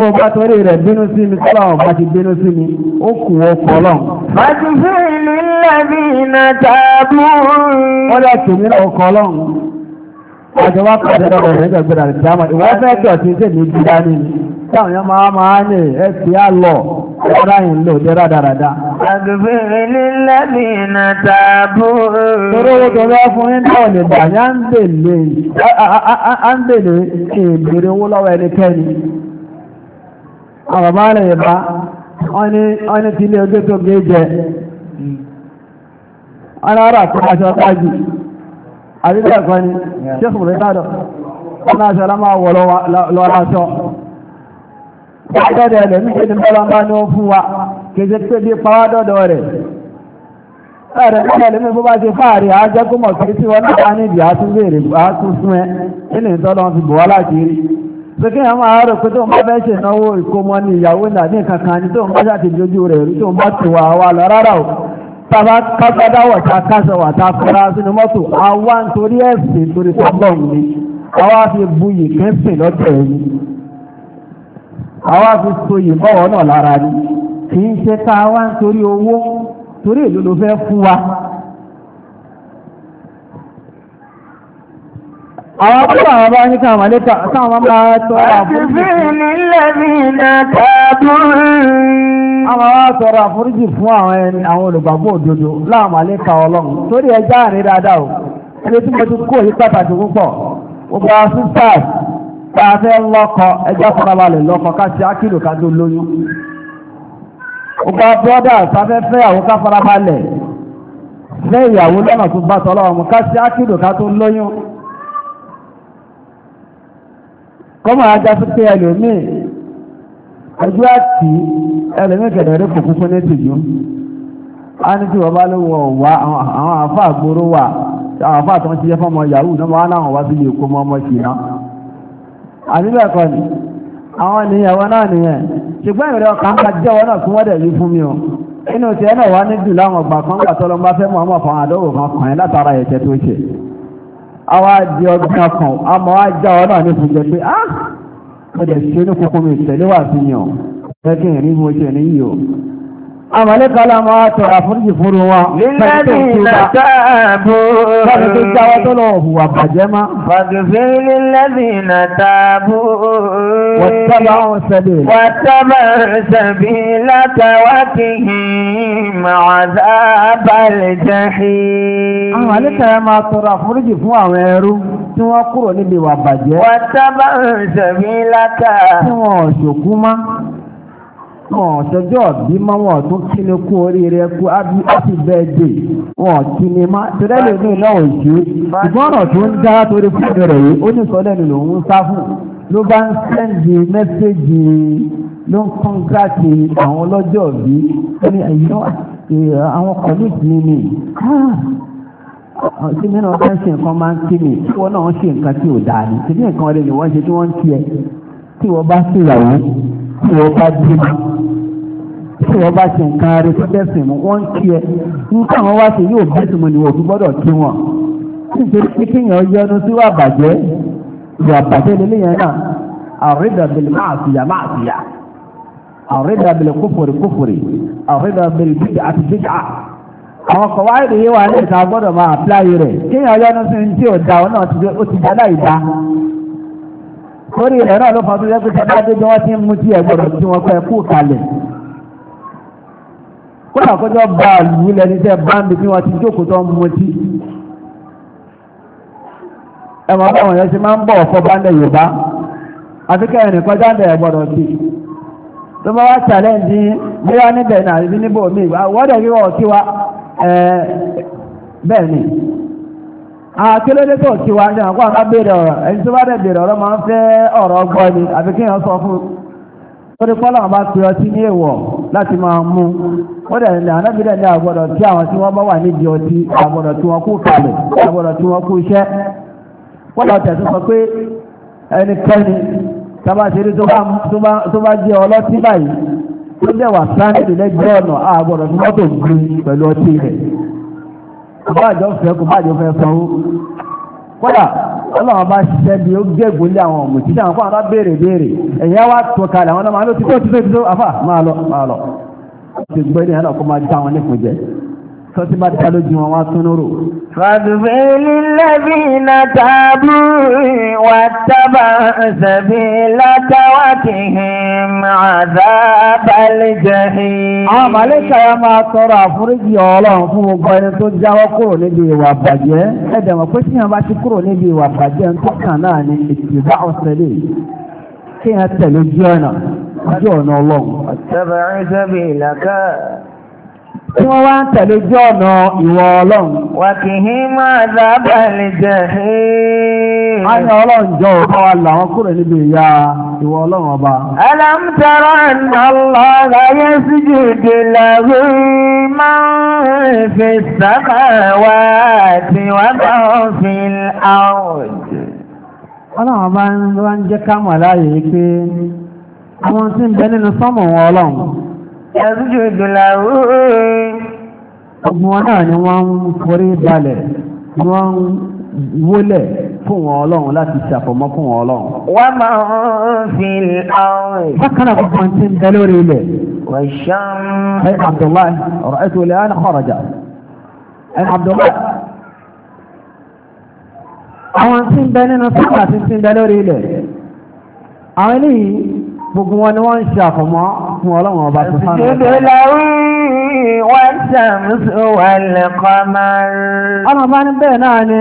bó bá torí rẹ̀ bínú mi sọ́lá bá ti bínú mi ó kù wọ́n fọlọ́. fàtìfì lílẹ̀bí iná tààbù. wọ́n lọ ọkọ̀ àjọ wa rẹ̀ ṣe dání ni. táwọn yẹn máa máa ní á lọ ọ̀rá yìí lò dé rádaràda. iná tààbù. àwọn bá rẹ̀ yẹ̀bá wọ́n ní tí ilé ọjọ́ tó gbé jẹ alára tó aṣọ ọ̀tájì àríkẹ́ ẹ̀kọ́ ni ṣéṣùn ẹ̀rẹ̀ bó bá ṣe tí wọ́n náà láti rí sókè àwọn àárọ̀ pé tó ń bá bẹ́ẹ̀ ṣe náwó ìkómọ ní ìyàwó ìlà ní kankan ní tó ń bá ṣàti jójú rẹ̀ rí tó ń bá ti wà wà lọ rárá o tàbá kásádáwọ̀ ta kásọ̀wà ta fura sínú mọ́tò àwa nítorí ẹ̀sìn torí tọ́gbọ̀n ni àwa fi buyì kẹ́sìn lọ́tẹ̀ yìí àwa fi soyè bọ́wọ́ náà lára ni kì í ṣe ká wá nítorí owó torí èlò ló fẹ́ fún wa àwọn púpọ̀ àwọn bá ní káàmà lẹ́ta sáwọn bá tọ́rọ àforíjì fún àwọn ẹni ọlọ́run torí ẹjá àrí dáadáa o ẹni tí mo ti kó yí pàtàkì púpọ̀ ọgbà ìyàwó lọ́nà tó bá tọ́lọ́wọ́ mú ká tó lóyún kọ́mọ̀ ajá sí pé ẹlòmíì ẹjọ́ àti ẹlòmíì kẹ̀dẹ̀rẹ́ kò kúkú ní tìjú a ní tí wọ́n bá lówó wá àwọn àfá àgbóró wà àwọn àfá àtọ́ ti yẹ fọ́mọ yahoo náà wọ́n láwọn wá sí lè kó mọ́ sí náà àníbẹ̀kọ́ ni àwọn ènìyàwó náà nìyẹn ṣùgbọ́n ìrẹ́ ọkàn ká jẹ́wọ́ náà fún wọ́dẹ̀ yìí fún mi o inú ti ẹ náà wá ní jù láwọn ọgbà kan gbà tọ́lọ́mbá mọ́ ọmọ fún àdọ́wò kan kàn àwọn àjẹ ọgbìn ọkàn àmọ́ ajá ọ náà ní fún jẹ pé á mo dẹ̀ ṣe ní kókó mi sí yàn ẹ kí n rí o àmàlẹ́kàlá máa tọ̀rọ àforíjì fún wa lílẹ́bìnà tààbò fàbí tó jáwọ́ tó lọ hùwà bàjẹ́ má fàbí lílẹ́bìnà tààbò wàtàbà sẹ̀bí látàwákì màzábàlẹ̀jẹ̀hì àmàlẹ́kàlá máa tọ̀rọ àforíjì fún àwọn ẹrú tí wọ́n kúrò níbi wà bàjẹ́ wàtàbà sẹ̀bí látà tí wọ́n ṣòkú má wọn tọjọ́ bí mọ́ wọn tún kí ni kú oríire kú happy birthday wọn kí ni má tẹ́lẹ̀ ní ìlọ́wọ̀ ìṣú ìgbọ́nà tó ń dá torí fún rẹ̀ yìí ó ní sọ́lẹ́nu lòun ń sá fún ló bá ń sẹ́ndì mẹ́sẹ́jì ló ń kọ́ńgráàtì àwọn ọlọ́jọ́ bí ó ní àwọn kọ́líìtì mi ni ah! tí mi náà fẹ́ ṣe nǹkan máa ń kí mi tí wọ́n náà ń ṣe nǹkan tí ò dáa ni ṣe bí nǹkan rẹ̀ ni wọ́n ṣe tí wọ́n ń tiẹ̀ tí wọ́n bá ṣèyàwó tí wọ́n bá dé mọ́ tí wọ́n bá ṣe nǹkan rẹ̀ tó bẹ́sìn mú wọ́n ń kí ẹ nǹkan àwọn wá ṣe yóò bẹ́sìn mú ni wọ́n fi gbọ́dọ̀ kí wọn nítorí pé kéèyàn yọnu sí wà bàjẹ́ ìwà bàjẹ́ lélẹ́ yẹn náà àrídà bẹ̀lẹ̀ máa fìyà máa fìyà àrídà bẹ̀lẹ̀ kófòrè kófòrè àrídà bẹ̀lẹ̀ bíjà àti bíjà àwọn ọkọ̀ wáyé lè yé wa ní ìta gbọ́dọ̀ máa apply rẹ̀ kéèyàn yọnu sí ní tí ò da ọ náà ó ti dá láì dá torí rẹ̀ náà ló fọ́n tó yẹ pé tẹ́lá dédé wọ́n ti ń mú tí ẹ̀gbọ́n tí wọ́n fẹ́ kú kalẹ̀ kó àkójọ bá àlù lẹ́ni tẹ́ báńbì tí wọ́n ti jókòó tó ń mú tí ẹmọ báwọn yẹn ṣe máa ń bọ̀ ọ̀fọ́ báńdẹ̀ Yorùbá àti kẹrin nìkan jáde ẹ̀gbọ́dọ̀ sí tó bá wá challenge bóyá níbẹ̀ náà ibi níbò míì wọ́dẹ̀ wíwọ̀ kí àkílódé tó ti wá ní àwọn àbá béèrè ọ̀rọ̀ ẹni tó bá dẹ̀ béèrè ọ̀rọ̀ máa ń fẹ́ ọ̀rọ̀ ọgbọ́n ni àfi kí èèyàn sọ fún ó ní pọ́lọ́ àwọn bá pe ọtí ní èèwọ̀ láti máa mú ó dẹ̀ ní ànábì dẹ̀ ní àgbọ̀dọ̀ tí àwọn tí wọ́n bá wà nídìí ọtí àgbọ̀dọ̀ tí wọ́n kú kalẹ̀ àgbọ̀dọ̀ tí wọ́n kú iṣẹ́ pọ́lọ́ tẹ̀sán sọ pé ẹnikẹ́ni tabatiri tó bá jẹ́ ọlọ́tí báyìí tó dẹ̀ wà sáńdì lẹ́gbẹ̀ẹ́ ọ̀nà àgbọ̀dọ̀ tí wọ́n tó gbé pẹ̀lú ọtí rẹ̀ bá àjọ fẹ́ kò bá àjọ fẹ́ sanwó kódà ọlọ́run bá ṣiṣẹ́ bí ó gégùn lé àwọn ọmọ títí àwọn fáwọn béèrè béèrè ẹ̀yà wá tó kalẹ̀ àwọn ọmọ alótìtó tító tító afá máa lọ máa lọ ṣùgbọ́n ní ẹ̀rọ kó máa dá wọn nípò jẹ tọ́tí bá dá lójú wọn wá tún rò. Fàdùfẹ́ na tàbí wà tábà ṣẹ̀bí látàwà kì í àdábálẹ̀ jẹ́ yìí. Àwọn màlẹ́kà ya máa tọrọ àforíjì ọlọ́run fún gbogbo ẹni tó ni ìtìbá ọ̀sẹ̀ lè kí ẹ tẹ̀lé ojú ọ̀nà tí wọ́n wá tẹ̀lé ojú ọ̀nà ìwọ ọlọ́run. wà kì máa dábà lè jẹ́ ẹ́ẹ́. ọlọ́run jọ ọba wa làwọn kúrò níbi ìyá ìwọ ọlọ́run ọba. alam tara anna Allaha yasjudu lahu man fi samawati wa man fil ọba ń jẹ́ ká mọ̀ láàyè pé àwọn tí ń bẹ nínú wọn ẹ̀rújù ìdùnláwó ọgbọ̀n náà ni wọ́n ń forí balẹ̀ wọ́n ń wólẹ̀ fún wọn ọlọ́run láti ṣàfọ̀mọ́ fún wọn ọlọ́run. wọ́n máa ń fi ọ̀rẹ́. bákan náà gbogbo ti ń bẹ lórí ilẹ̀. wẹ̀ṣán. ẹ Abdullahi ọ̀rọ̀ ẹ àwọn tí ń bẹ nínú sábà ti ń bẹ lórí ilẹ̀. àwọn eléyìí gbogbo wọn ni wọ́n ń ṣe àfọ̀mọ́ fún ọlọ́run ọba tó sánà. ìṣèjọba lọ́wọ́ wọ́n ṣàmùsù wà lẹ́kọ́ máa bá ní bẹ́ẹ̀ náà ni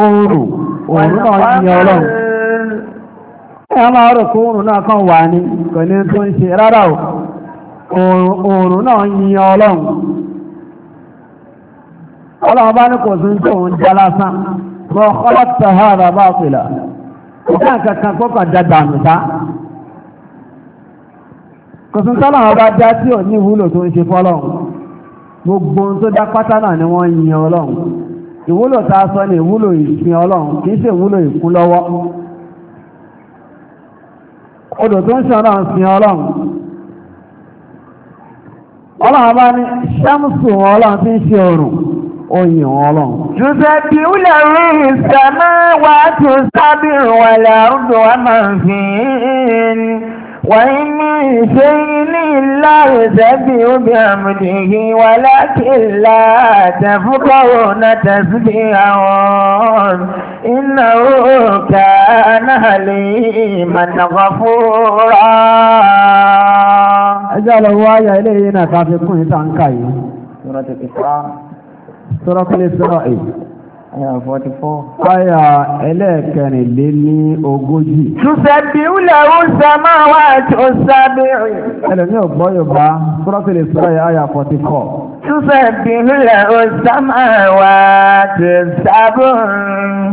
oòrùn oòrùn náà ń ọlọ́run. ẹ máa rò kó oòrùn náà kàn wà ní tó ń ṣe rárá o oòrùn náà ń ọlọ́run. ọlọ́run bá ní kò sí tó ń lásán kọ́kàn dàgbà nìta. kòsùn tọ́lọ́wọ́ bá dá tí ò ní ìwúlò tó ń ṣe fọ́lọ́hun gbogbo tó dá pátá ni wọ́n yin ọlọ́hun ìwúlò ta sọ ni ìwúlò ìsìn ọlọ́hun kìí ṣe ìwúlò lọ́wọ́ odò tó ń sin bá ní tí ń ṣe oyin ọlọ́run. rí wà máa ń fi وَإِنِّي من شيء إلا يسبح بحمده ولكن لا تفقهون تسبيحهم إنه كان حليما غفورا أجعل الواية إلينا كافي كون تانكاي سورة الإسراء سورة الإسراء Aya ẹlẹ́ẹ̀kẹrin lé ní ogójì. Tùsẹ̀bí ulẹ̀ oúnjẹ máa wà tí ó sábẹ̀rẹ̀. Ẹlẹ́ni ọ̀gbọ́ Yorùbá, Sọ́rọ́sì lè sọ́rọ̀ yà áyà 44. Tùsẹ̀bí ulẹ̀ oúnjẹ máa wà tí ó sábẹ̀rẹ̀.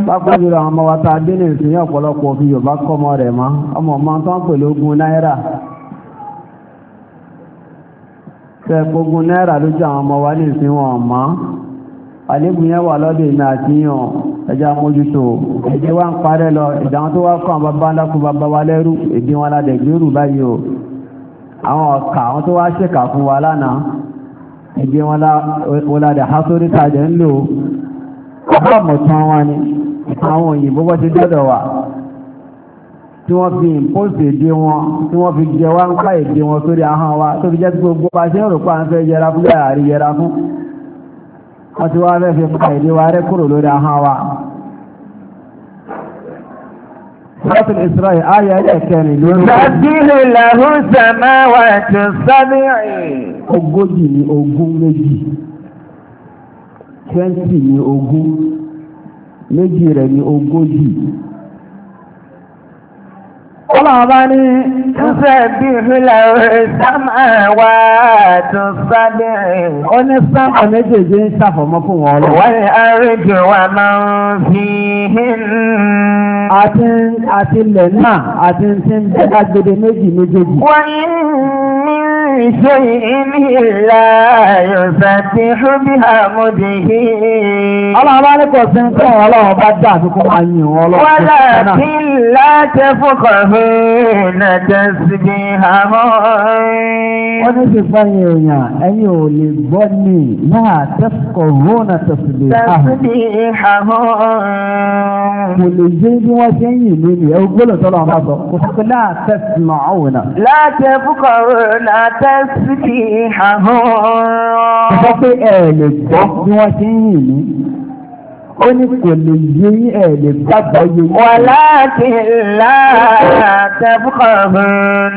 Pápá jùlọ àwọn ọmọ wa ta dé ní ìsìn ọ̀pọ̀lọpọ̀ fi Yorùbá kọ́mọ rẹ̀ mọ́. Ọmọ ọmọ tó ń pèlú ogún náírà. Tẹ̀ ogún náírà lójú àwọn ọmọ wa ní ìsìn wọn mọ́ àlébùn yẹn wà lọ́dọ̀ ìmọ̀ àti yàn ẹja mójútó èdè wa ń parẹ́ lọ ìdáhùn tó wá kọ́ àwọn bàbá ńlákùn bàbá wa lẹ́rú èdè wọn ládẹ̀ gbèrú báyìí o àwọn ọ̀kà àwọn tó wá ṣèkà fún wa lánàá èdè wọn ládẹ̀ há sórí ń lò ọ̀pọ̀ àmọ̀tán wa ni àwọn òyìnbó bọ́ ti dọ́dọ̀ wa tí wọ́n fi ìmpóòsì èdè wọn tí wọ́n fi jẹ wá ń pa èdè wọn sórí ahọ́n wa tó fi jẹ́ gbogbo bá ṣe ń wọ́n ti wá fẹ́ fi mú ẹ̀dí wa rẹ́ kúrò lórí ahọ́n wa. Sọ́tù Ìsírẹ́lì ayé ẹlẹ́kẹrin lórí. Sàbílì làhùn sàmá wà tó sábìrì. Ogójì ni ogún méjì. Twenty ni ogún. Méjì rẹ̀ ni ogójì. Ọlọ́ọ̀bá ní ṣẹ́bí ìfilẹ̀ sámà wà tó sábẹ̀. Ó ní sámà méjèèjì ń ṣàfọ̀mọ́ fún wọn lọ. Wọ́n ní àríjò wa máa ń fi hìn. Àti ilẹ̀ náà àti ti ń bẹ́ agbede méjì méjèèjì. Wọ́n ní بشيء إلا يسبح بحمده ولكن لا تفقهون تسبيحهم wọ́n ní ti fáyé èèyàn ẹ̀yin ò lè gbọ́ ní náà tẹ́kọ̀ rọ́nà tẹ̀sílẹ̀ ààrùn kò lè yé bí wọ́n ṣe ń yìn lónìí ẹ̀rù gbọ́dọ̀ tọ́lọ́ àwọn bá sọ kò fún pé láà tẹ̀sílẹ̀ ààrùn náà tẹ́sìkì àhún. Sọ pé ẹ lè gbọ́ bí wọ́n ti ń yìn mí. Ó ní kò lè yé ẹ lè gbàgbọ́ yé. Wà láti ńlá tẹ́fùkọ̀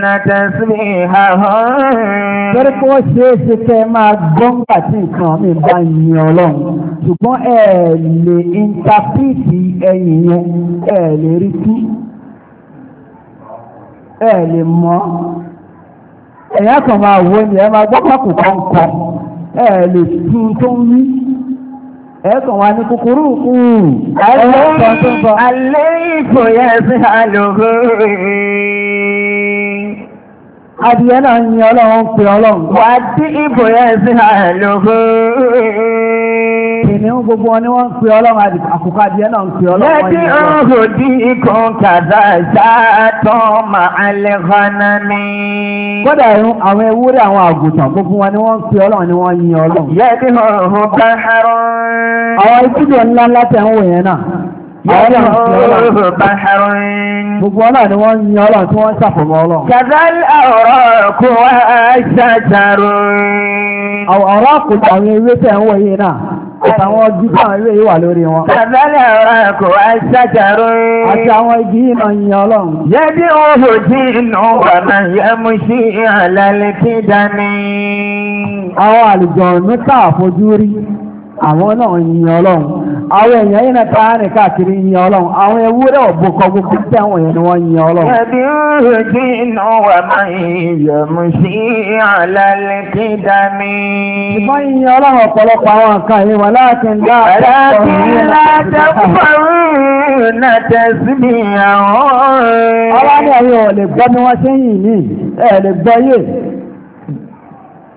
na tẹ́sìkì àhún. Torí pé wọ́n ṣe é ṣe kẹ́ máa gbọ́ tí nǹkan mi bá yin Ọlọ́run. Ṣùgbọ́n ẹ lè intapíìtì yẹn, ẹ ẹ̀yà kan máa wọ ni ẹ máa gbọ́pàkù kan ẹ lè tún tó ń wí ẹ̀ẹ́kàn wa ní kúkúrú kúrù alẹ́ ìfòyà sí àlòkó adìyẹ náà ń yin ọlọ́run pè ọlọ́run wà á dí ìfòyà sí àlòkó ni wọ́n gbogbo wọn ni wọ́n ń pè ọlọ́run àkùkọ adìẹ náà ń pè ọlọ́run yìí. lẹ́tí ọ̀rọ̀ di ikọ̀ kàdá ṣáàtọ̀ máa lè hànà ni. kódà irun àwọn ewúrẹ́ àwọn àgùntàn gbogbo wọn ni wọ́n ń pè ọlọ́run ni wọ́n yin ọlọ́run. yẹ́tí ọ̀rọ̀ bá harọ́. àwọn ìtújọ ńlá ńlá tẹ̀ ń wò yẹn náà. Gbogbo ọ̀nà ni wọ́n yin ọlọ́run tí wọ́n ṣàfọ̀mọ́ ọlọ́run. Kàdál ọ̀rọ̀ kò wá ṣàtàrò. Ọ̀rọ̀ kò àwọn ewé tẹ̀ ń wọ̀ náà. Àtàwọn igi báwọn ilé yìí wà lórí wọn. Kàbálẹ̀ ọ̀rọ̀ kò wá ṣàjàrò. Àti àwọn igi iná yin ọlọ́run. Yẹ́dí òhò jí inú bàbá yẹ́mú sí àlàlẹ́ tí dání. Àwọn àlùjọ̀nù tá àfojú rí àwọn náà yin ọlọ́run àwọn èèyàn yìí náà táà rìn káàkiri yin ọlọ́run àwọn ewúrẹ́ ọ̀bùkọ gbogbo tí àwọn èèyàn ni wọ́n yin ọlọ́run. ẹbí òjì iná wà máa ń yọ̀mù sí àlàlẹ́ tí dání. ìbọn yin ọlọ́run ọ̀pọ̀lọpọ̀ àwọn nǹkan yìí wọn láti ń dá àtàkùn yìí ọlọ́run ẹ̀yin lè gbọ́ bí wọ́n ṣe ń yìn ní ẹ̀ lè gbọ́ yìí.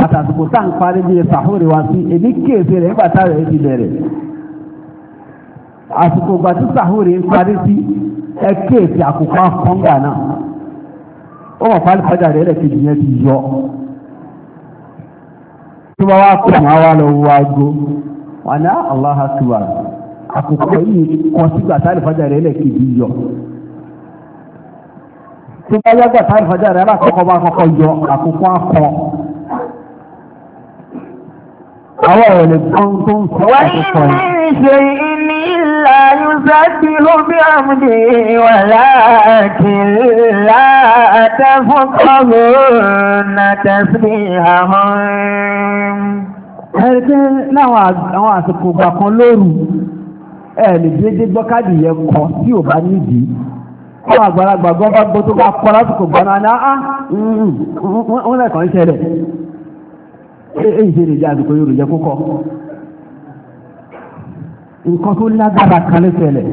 àtàsìkò tá à ń parí bí sàhóre wá sí èmi kéèsè rẹ̀ nígbà táwọn ti bẹ̀rẹ̀ àsìkò ìgbà tí sàhóre ń parí sí ẹ kéèsè àkókò àkọ́ngbà náà ó wọ̀ fálí rẹ̀ ti yọ tó bá wá kọ̀ wọ́n wá lọ wọ aago wọn ní aláha tuwa àkókò yìí kọ́ sígbà rẹ̀ yọ àwọn ọ̀rọ̀ lè gbọ́n tó ń sọ àkọ́kọ́ yìí. wọ́n ní ṣe ní ìlà yusa ti ló bí àmúdé wà láti láàtẹ́ fún kọ́gọ́ nàtẹ́ sí àwọn. ẹni pé láwọn àsìkò ìgbà kan lóru ẹ lè déédéé gbọ́kádì yẹn tí ò bá nídìí kó àgbàlagbà gbọ́ gbọ́ tó bá kọ́ lásìkò gbọ́ná ní ń lẹ̀kọ́ ń ṣẹlẹ̀ èyí ṣe lè jẹ́ àdùkọ yóò jẹ́ kókọ́ nǹkan tó lágbára kan ló ṣẹlẹ̀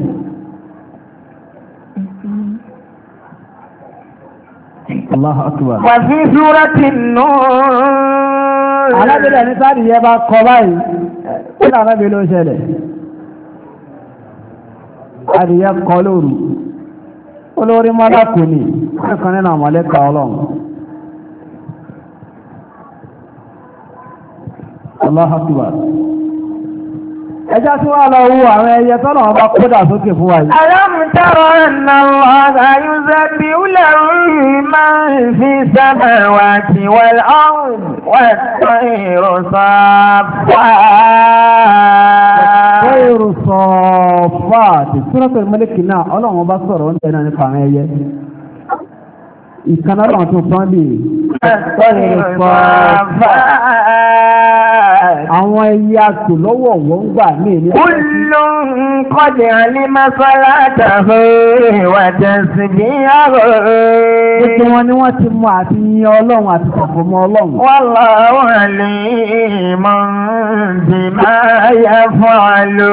Allahu akbar. Wà sí Alábẹ̀rẹ̀ ní sáàdì yẹ bá kọ báyìí, ó làwọn ẹgbẹ̀ ló ń ṣẹlẹ̀. Adìyẹ kọ lóru, olórí mọ́lá kò ní, ẹ̀kan nínú àmọ́lẹ́ka ọlọ́run. aláhàtúwàá ẹjá tí wá lọ wú àwọn ẹyẹ tọ́nà ọba kódà sókè fún wa yìí. alámùtárọ̀ ẹ̀nà ọ̀gá yúzẹ́ bí ulẹ̀ orí máa ń fi sábà wà tí wọ́n ọ̀hún wọ́n tọ́ èrò sọ́ọ̀fà. tọ́ èrò ìkaná ọ̀rọ̀ tún fún bí àwọn ẹyẹ àtò lọ́wọ́ wọ́n gbà ní ilé ọ̀rọ̀ kọ́dì alẹ́ mọ́sálá tàbí ìwà tẹ̀sí bí ọ̀rọ̀ Gbogbo wọn ni wọ́n ti mú àti yin Ọlọ́run àti pàpọ̀ mọ́ Ọlọ́run. Wọ́n lọ wọ́n lè mọ̀ bí máa yẹ fún ọ lò.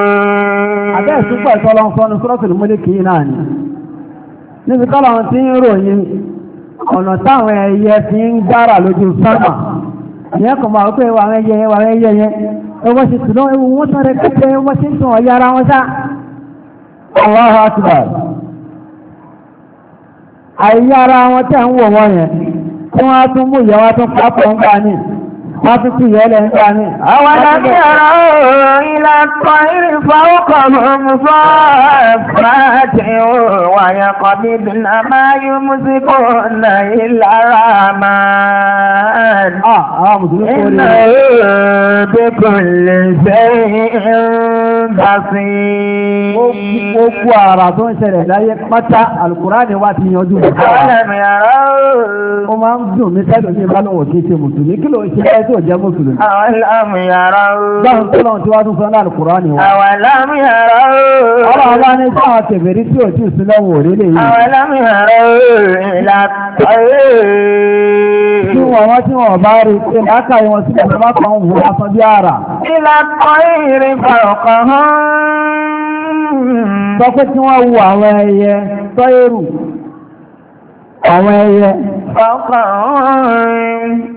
Àbẹ́ ìsúpọ̀ ìtọ́lọ́nfọ́nu sọ́rọ́sì ló mọ́lé kìí náà ni. Níbi kọ́lọ̀ ti ń ròyìn ọ̀nà táwọn ẹyẹ fi ń gbára lójú sánmà ìyẹn kò máa pé wà àwọn ẹyẹ yẹn wà àwọn ẹyẹ yẹn ẹwọ́n ṣe tùnú ewu wọ́n tán rẹ̀ kẹ́kẹ́ wọ́n ṣe ń tún ọ̀yá ara wọn ṣá. Allahu Akbar àyíyá ara wọn tẹ̀ ń wọ̀ wọ́n yẹn tí wọ́n á tún mú ìyẹn tún pápọ̀ ń gbà ní. Fásitì yẹ́lẹ̀ ń gbà ní. Àwọn lábí ọ̀rọ̀ ìlà kan ìrìnfà ó kọ̀ mú fọ́ fàájì wà yẹn kọ̀ bí dùnà máa yú músíkò nà ìlara máa. Àwọn mùsùlùmí kò rí. Iná òbí kò lè tó ń ṣẹlẹ̀ láyé pátá Alukùránì wá ti yanjú. Àwọn lábí Ó máa ń dùn mí sẹ́dọ̀ ní ìbálòwò kí ṣe mùsùlùmí kí ló ń ṣe tí ò jẹ́ mùsùlùmí. àwọn lámìyàrá ooo. wa. àwọn lámìyàrá ooo. ọ̀rọ̀ ọba ní sáwọn tẹ̀fẹ̀rí tí ò tí ì sílẹ̀ wò rí lè yí. àwọn lámìyàrá ooo ìlà tọ́yé. tí e. wọ́n wọ́n tí wọ́n bá rí pé láàkà wọn sílẹ̀ tó bá kàn wò lásán bí ara. ìlà tọ́yé e rí hàn. sọ pé tí wọ́n wo àwọn ẹyẹ tọ́yẹ̀rù àwọn ẹyẹ. ọkàn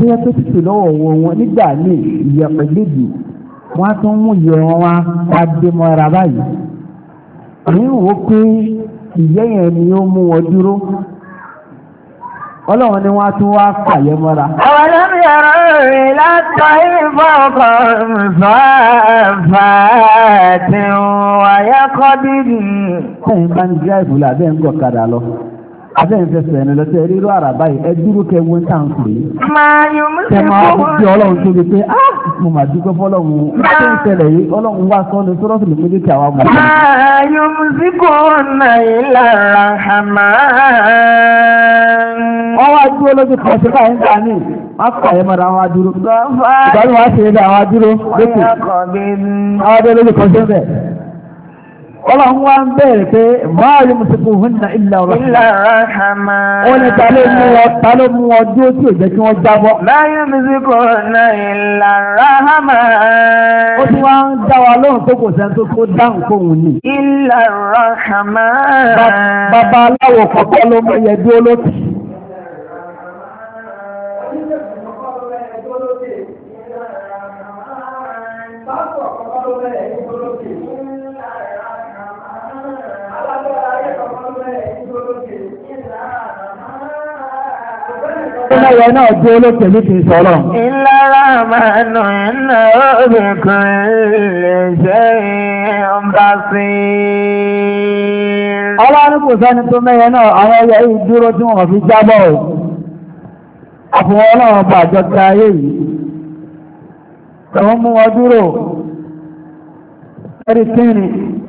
tí wọ́n tó títù lọ́wọ́ wọn nígbà ní ìyẹ̀pẹ̀ léjì wọ́n á tún mú yẹ wọn wá wá báyìí. èyí ń wò pé ìyẹ́ yẹn ni ó mú wọn dúró ọlọ́run ni wọ́n tún wá pàyẹ mọ́ra. àwọn ẹlẹ́mì ẹ̀rọ rẹ̀ látọ̀ ìfọ̀ fàáfàá tí wọ́n ayẹ́kọ́ bíbí. bẹ́ẹ̀ bá ń dírẹ́fù làbẹ́ ń gọ̀kadà lọ afẹ́nfẹsẹ̀ ẹni lọ́tẹ́ ríro ara báyìí ẹ dúró kẹ wo ń tà ń pè é. máa yọ mú sí fún ọlọ́run tó lè pé á mo mà dúpẹ́ fọlọ́run tó ń tẹ̀lé yìí ọlọ́run wá sọ ní sọ́dọ̀ tòlù méjì kí àwa mọ̀. máa yọ mú sí kò wọ́n wá dúró lójú kan sí káyọ̀ nígbà míì wọ́n mọ́ra wọn dúró. ìgbà mi ṣe é dá wọn dúró lókè. wọ́n yà ọlọ́run wá ń bẹ̀rẹ̀ pé máàrí mùsùlùmí hùn náà ilẹ̀ ọ̀rọ̀ ìlàràhàmà ó ní ta ló mú ọ ta ló mú ọ dúró tí ò jẹ́ kí wọ́n jábọ́. láyé mùsùlùmí náà ìlàràhàmà. ó ti wá ń dá wa lóhùn tó kò sẹ́ni tó kó dáhùn fóun ni. ìlàràhàmà. bàbá aláwọ̀ kọ̀ọ̀kan ló mọ ẹyẹ dúró lókè. Ọlọ́wọ́ náà dé olókè ní kìí sọ́lọ̀. Ìlàrá máa nù ẹ̀nà obìnrin lè jẹ́ ọba sí. Ọlọ́run kò sẹ́ni tó mẹ́yẹ náà àwọn ẹyẹ yìí dúró tí wọ́n fi jábọ̀. Àfihàn ọlọ́run bá àjọ ti ayé yìí. Tẹ̀wọ́n mú wọn dúró. Ẹ̀rí kíni,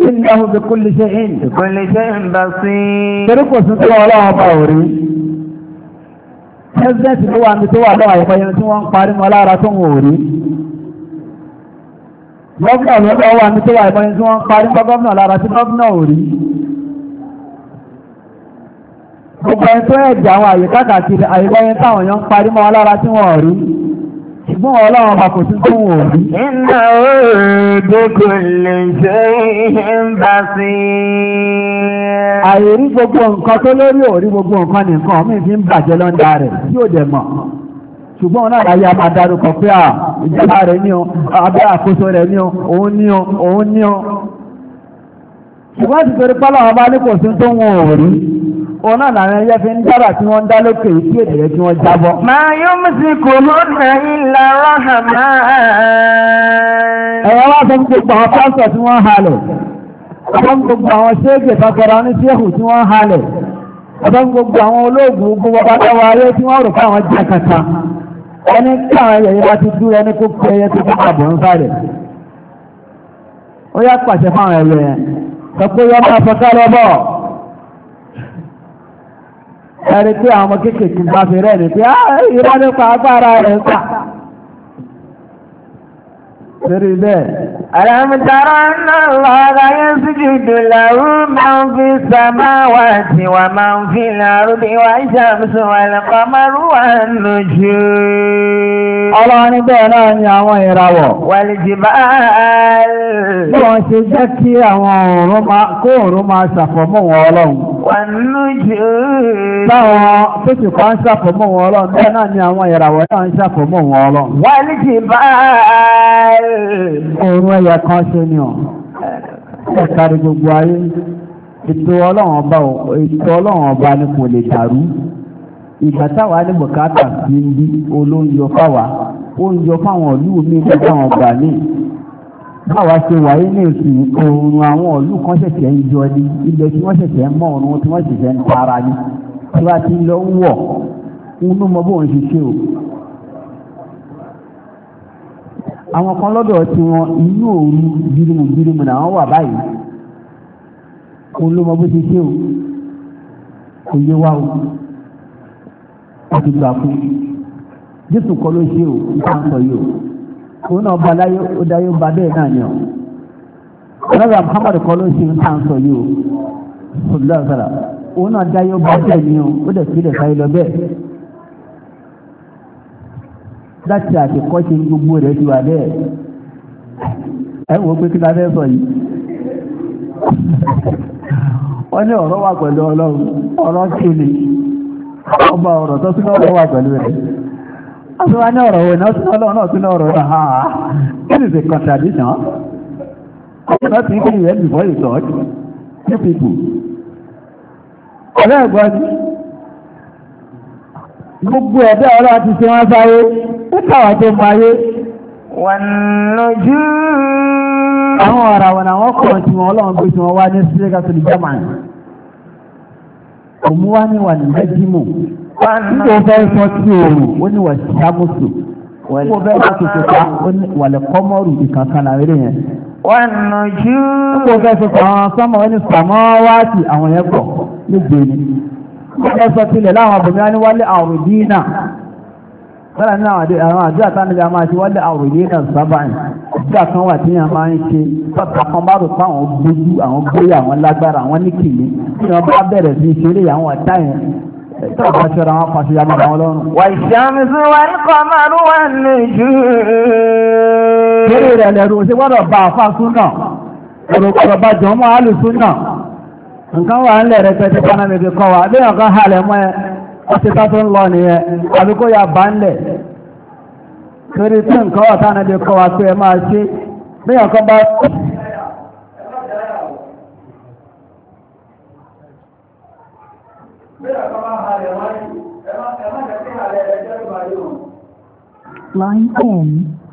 ìlú àwọn òbí kò lè ṣe ìyìn. Kò sí tó president ló wà ní tó wà lọ́wọ́ àyẹ̀kọ́ yẹn tí wọ́n ń parí mọ́ lára tó ń wò rí gọ́ọ̀nà lọ́wọ́ wà ní tó wà àyẹ̀kọ́ yẹn tí wọ́n ń parí mọ́ gọ́ọ̀nà lára tí gọ́ọ̀nà ò rí gbogbo ẹni tó ẹ̀jẹ̀ àwọn àyíká kàkiri àyẹ̀kọ́ táwọn yẹn ń parí mọ́ lára tí wọ́n rí ṣùgbọ́n ọlọ́run bá kò sí tó wò rí. iná òòdè kò lè ṣe ń bá sí. gbogbo nǹkan tó lórí òrí gbogbo nǹkan nìkan mi fi ń bàjẹ́ lọ́ńdà rẹ̀ tí ò dẹ̀ mọ̀ ṣùgbọ́n náà láyé a máa pé o abẹ́ àkóso rẹ̀ ní o òun ní o òun ní o ṣùgbọ́n ti torí pálọ̀ ọba ní kò òun náà làwọn ẹyẹ fi ń dábà tí wọ́n ń dá lókè yìí kí èdè rẹ̀ kí wọ́n jábọ́. máa yóò mú sí kò lónà ìlà rahama. ẹ̀yẹ wá sọ gbogbo àwọn pásítọ̀ tí wọ́n halẹ̀ ẹni káwọn ẹyẹ wá ti dúró ẹni kó kí ẹyẹ tó kábọ̀ ń fàlẹ̀ ó yá pàṣẹ fáwọn ẹyẹ sọ pé yọ máa fọ ẹ̀rí pé àwọn ọmọ kéékèèké bá fi rẹ̀ ní pé ah, irọ́ nípa agbára rẹ̀ pa. Sori bẹ́ẹ̀. Àlàmùtàrà náà lọ láyé síjúdù làwù máa ń fi sàmà wá tí wà máa ń fi làrúbí wá ìṣàmùsùn àlàpàmọ́rú wà lójú. Ọlọ́run bẹ́ẹ̀ náà ni àwọn ìràwọ̀. Wọ́n ṣe jẹ́ kí àwọn òòrùn máa kó wọn ọlọ́run. Wàlújì. tó sì kọ́ ń ṣàfọ̀mọ́ ọlọ́run bẹ́ẹ̀ náà ni àwọn ìràwọ̀ náà ń ọlọ́run. Wàlìjìbáàlì. Òòrùn ẹyẹ kan ọ̀. ìgbà táwa ní bùkátà sí ń bí olóńjọ fáwa oúnjẹ fáwọn ìlú mi ní fáwọn ọgbà ní báwa ṣe wáyé ní èsì oòrùn àwọn ìlú kan ṣẹ̀ṣẹ̀ ń jọ ní ilẹ̀ tí wọ́n ṣẹ̀ṣẹ̀ ń mọ oòrùn tí wọ́n ṣẹ̀ṣẹ̀ ń tara ní tí wọ́n ti lọ ń wọ̀ inú mọ bóun ṣe ṣe o. àwọn kan lọ́dọ̀ tí wọn inú òru bírímù làwọn wà báyìí òun ló mọ bó ṣe ṣe o kò yé wa o àti gbà fún jésù kọ́ ló ṣe o nípa ń sọ yìí o òun náà ba láyé ó dáyé ó ba bẹ́ẹ̀ náà ni ọ ọlọ́dà muhammadu kọ́ ló ṣe nípa ń sọ yìí o sọlá sọlá òun náà dáyé ó ba bẹ́ẹ̀ ni o ó dẹ̀ sílẹ̀ sáyé lọ bẹ́ẹ̀ láti àtìkọ́ṣe gbogbo rẹ̀ ti wà bẹ́ẹ̀ ẹ wò ó pé kí la fẹ́ sọ yìí wọ́n ní ọ̀rọ̀ wà pẹ̀lú ọlọ́run ọ̀rọ̀ kí ọba ọ̀rọ̀ tó tún lọ́wọ́ wà pẹ̀lú rẹ̀ a ti wá ní ọ̀rọ̀ òwe náà na lọ́wọ́ náà tún lọ́rọ̀ náà ha it is a contradiction ọ̀pọ̀ ń kí ìyẹn before you talk to people ọ̀rẹ́ ẹ̀gbọ́n ni gbogbo ẹ̀dá ọ̀rọ̀ ti ṣe wọ́n sáyé ó tó mọ ayé wọ́n àwọn ọ̀rọ̀ àwọn àwọn wọn ọlọ́run wá ní sílẹ̀ òun wá ní wà nẹ́jìmù nígbà ọ̀fẹ́ sọ sí òòrùn ó ní wà ṣàmùsù ó bẹ́ẹ̀ bá tuntun pa ó ní wà lẹ̀ kọ́mọ́rù ìkankan náà rí yẹn. wọ́n nù jú. ó bẹ́ẹ̀ sọ pé àwọn sọ́mọ ó ní sàmọ́wáàtì àwọn yẹn pọ̀ nígbè ni. ó bẹ́ẹ̀ sọ sílẹ̀ láwọn abòmíwá ní wálé àrùn dínà sára ní àwọn àdúrà tánàjà máa ṣe wọ́lẹ̀ àwòyé náà sábàáyìn àdúrà kan wà tí wọ́n máa ń ṣe tọ́ta kan bá rò pé àwọn gbójú àwọn gbóyà àwọn lágbára àwọn níkìlì tí wọ́n bá bẹ̀rẹ̀ sí ṣeré àwọn ọ̀tá yẹn tọ́ta bá ṣọ́ra wọn pàṣẹ yàmọ̀ àwọn ọlọ́run. wà wa ń kọ́ máa ń wà ní jù. kéré rẹ̀ lẹ́rù ṣe gbọ́dọ̀ bá àfa ọtí tá tó ń lọ nìyẹn àbí kó yà bá ń lẹ̀ torí tí nǹkan wà táwọn ẹbí kọ́ wa pé ẹ máa ṣe bí nǹkan bá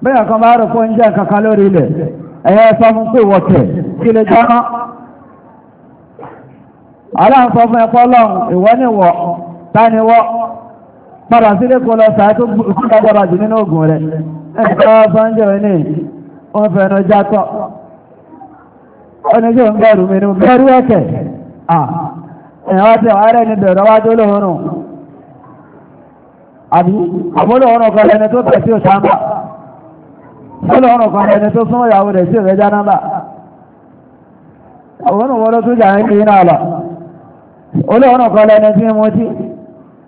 Bẹ́yà kan bá rọ̀ fún oúnjẹ kankan lórí ilẹ̀, ẹ̀yẹ́ sọ fún pé wọ̀tẹ̀ kí lè jọ́nà. Aláǹsọ fún ẹ̀kọ́ lọ́run, ìwọ ni wọ̀ tani wọ́ padà sílé kó lọ sàá tó gbọ́gbọ́ra jù nínú ogun rẹ̀ ẹ̀kọ́ sọ́njẹ́ òní wọ́n fẹ́nu játọ́ oníṣẹ́ ń bẹ̀rù mi ní bẹ̀rù ẹ̀kẹ́ ẹ̀wọ́n tí wọ́n rẹ̀ ní bẹ̀rù wá tó lóhùn àbí àbólóhùn ọkọ̀ ẹni tó tẹ̀ sí òṣàmbà àbólóhùn ọkọ̀ ẹni tó súnmọ́ ìyàwó rẹ̀ sí òrẹ́já náà òun jà ń kí náà lọ olóhùn ọkọ̀ ẹni tí mo ti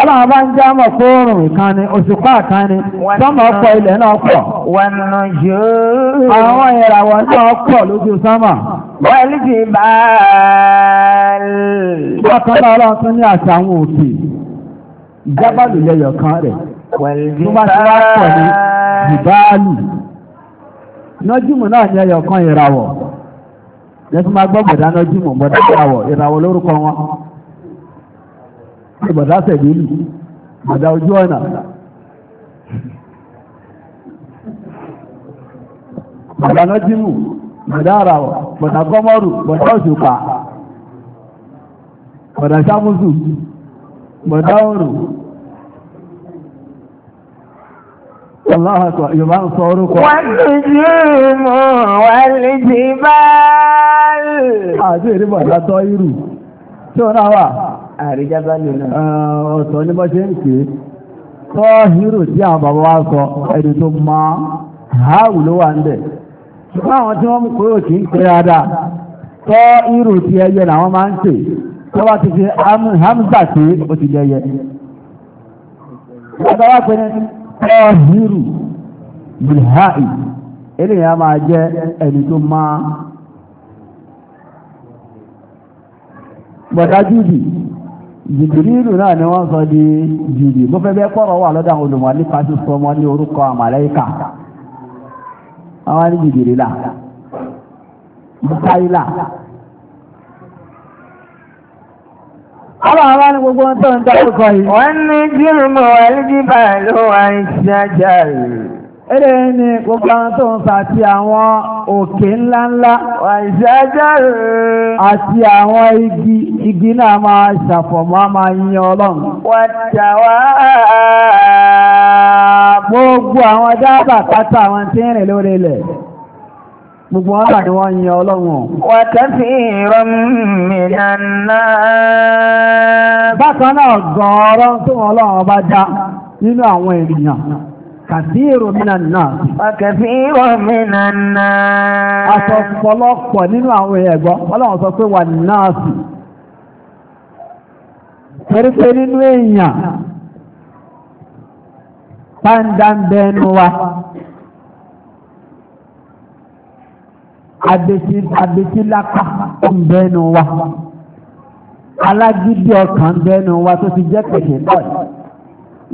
ọ bá ń já mọ̀ fóòrùn ìkànnì, òṣùpá ìkànnì, sọ́mọ̀ ọ̀pọ̀ ilẹ̀ náà pọ̀. Wọ́n nù yóò. Àwọn ìràwọ̀ náà pọ̀ lójú sọ́mọ̀. Wọ́n ti bá Bákan náà Ọlọ́run tún ní àti àwọn òkè. Ìjábàlù kan rẹ̀. ti Nọ́júmù náà ní kan ìràwọ̀. máa pé bàdá sẹ̀gbẹ́lì bàdá ojú ọ̀nà bàdá nájímù bàdá àràwọ̀ bàdá gọ́mọ́rù bàdá òṣùpá bàdá sámúsù bàdá òrùn Ọláhà tó ń sọ orúkọ. Wọ́n ti jú mú wọ́n lè jí báàlì àríjábá lò náà. ọ̀sọ̀ ní bọ́ ṣe ń pè é tọ́ hírò tí àwọn bàbá wa sọ ẹni tó máa háàwù ló wà ń bẹ̀. ṣùgbọ́n àwọn tí wọ́n mú kúrò kì í pé dáadáa tọ́ hírò tí ẹyẹ làwọn máa ń pè tó bá ti fi hamza pé ó ti jẹ́ ẹni tó máa jìbìrìlù náà ni wọ́n sọ di jìbì mo fẹ́ bẹ́ẹ̀ kọ́rọ̀ wà lọ́dọ̀ àwọn olùmọ̀ nípa sísọ mọ́ ní orúkọ àmàlẹ́kà àwọn ní jìbìrìlà bùkáìlà. Àwọn àwọn ní gbogbo ń tó ń dárúkọ yìí. Wọ́n ní jíìmù ẹ̀lú jíbà ló wà ń ṣájà rẹ̀. Ere ni gbogbo àwọn tó ń sàti àwọn òkè ńláńlá. Àti àwọn igi, igi náà máa ṣàfọ̀mọ́, a máa yin ọlọ́run. Wọ́tà wá. Gbogbo àwọn dábà pátá àwọn tí ń rìn lórí ilẹ̀. Gbogbo wọn bàdé wọ́n yin ọlọ́run. Bákan náà gan-an ọlọ́run tó ọba dá nínú àwọn ènìyàn. ka si náà. Kàfíìrò mìíràn náà. nínú àwọn ẹ̀gbọ́n, ọlọ́run sọ pé wà náà sí. Torí nínú èèyàn, pàǹdà wa. Àbètílápá ń bẹnu wa. Alágídí ọkàn ń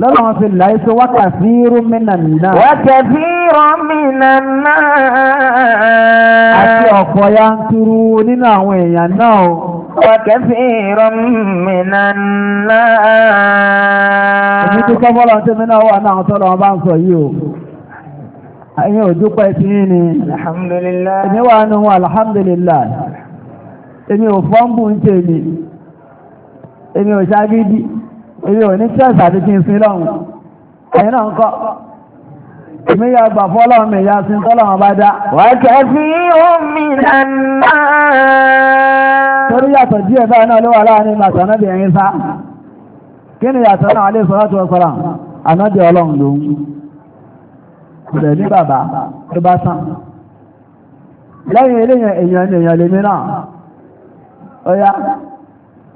lọ́nà wọn fi láyé sọ wákà sí rúmínà náà. wákà sí rúmínà náà. àti ọ̀pọ̀ ya ń turu nínú àwọn èèyàn náà. wákà sí rúmínà náà. èmi tó kọ́ fọ́lọ́ tí mi náà wà náà tọ́lọ́ wọn bá ń sọ yìí o. ẹ̀yin ò dúpẹ́ sí yín ni. alhamdulilayi. èmi wà nù alhamdulilayi. èmi ò fọ́nbù ń tèmi. èmi ò ṣágídí èyí ò ní stress àti kí n sin lọ́hùn ẹ̀yìn náà ń kọ́ èmi yà gbà fọ́ lọ́hùn mi yà sin tọ́lọ́hùn bá dá. wákẹ́ sí omi nàná. torí yàtọ̀ díẹ̀ báyìí náà ló wà láàrin màtà náà bìnrin sá ni yàtọ̀ náà alẹ́ sọ́lá tó sọ́lá bàbá tó bá tán lẹ́yìn eléyìn èèyàn èèyàn lèmi ó yá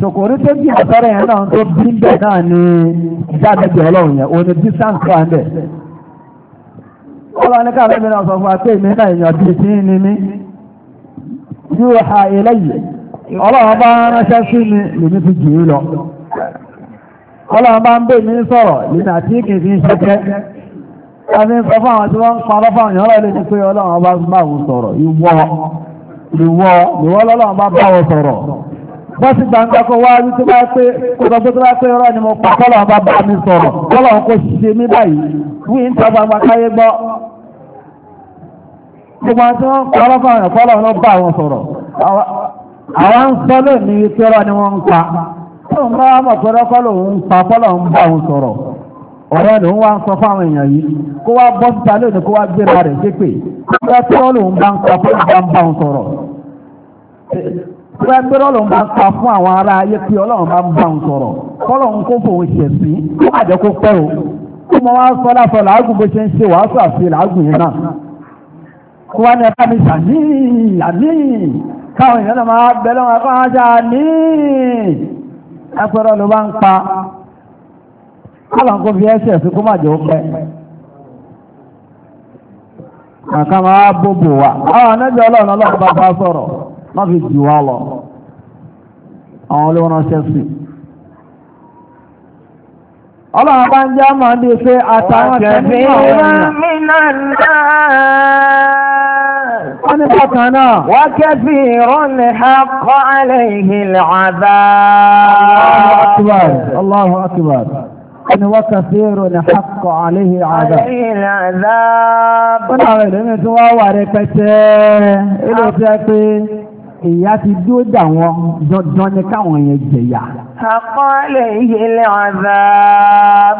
sokoro tó bí àtọ́rọ̀ yẹn náà tó bí ń bẹ̀ náà ní ìdágbẹ́gbẹ́ ọlọ́run yẹn òní distance wà ń bẹ̀. ọlọ́run ní mi náà sọ fún wa pé náà èèyàn bíi tí ní mí yóò ha eléyìí bá sí mi lèmi ti jì í lọ. ọlọ́run bá ń bè mí sọ̀rọ̀ lèmi àti kìí fi bọ́ sí gbangba kó wá rí tó bá pé kó sọ pé tó bá pé ọ̀rọ̀ ni mo pa kọ́lọ̀ ọba bá mi sọ̀rọ̀ kọ́lọ̀ kó ṣe mí báyìí wí ń tọ́ gbangba káyé gbọ́ gbogbo àti wọn kọ́ ọlọ́fà ọ̀rọ̀ kọ́lọ̀ ló bá wọn sọ̀rọ̀ àwọn ń sọ lónìí pé ọ̀rọ̀ ni wọ́n ń pa tó ń bá mọ̀ pé ọlọ́kọ́lọ̀ ń pa kọ́lọ̀ ń bá wọn sọ̀rọ̀ ọ̀rẹ́ ló ń wá ń sọ fáwọn èèyàn yìí kó wá bọ́ síta lónìí kó wá gbéra rẹ̀ ṣépè kó wá tí wọ́n lòún bá ń pa kó wá ń bá wọn sọ̀rọ̀ wọ́n ọlọ́run bá ń pa fún àwọn ará ayé pé ọlọ́run bá ń bá ń sọ̀rọ̀ kọ́lọ́run kó fòun o kó mọ sọ láfọ làágùn bó ṣe ń ṣe wàásù àti làágùn mi ṣàní àní káwọn náà máa bẹ lọ́wọ́ ẹ̀kọ́ ọlọ́run bá ń pa kọ́lọ́run kó fi ẹsẹ̀ sí kó má jẹ́ pẹ́ kàkà máa bóbò wa àwọn anájọ́ ما في الجوالة أولي وانا سيسي ألا أبان جاء ما عندي سي أتاك كثيرا من الناس وكثير حق عليه العذاب الله أكبر أن وكثير حق عليه العذاب عليه العذاب أنا أريد أن أتوا وارفته إلى ìyá ti dúró dà wọn dandan ni káwọn yẹn jẹyà. àkọọ́lẹ̀ ìyẹlẹ ọ̀dà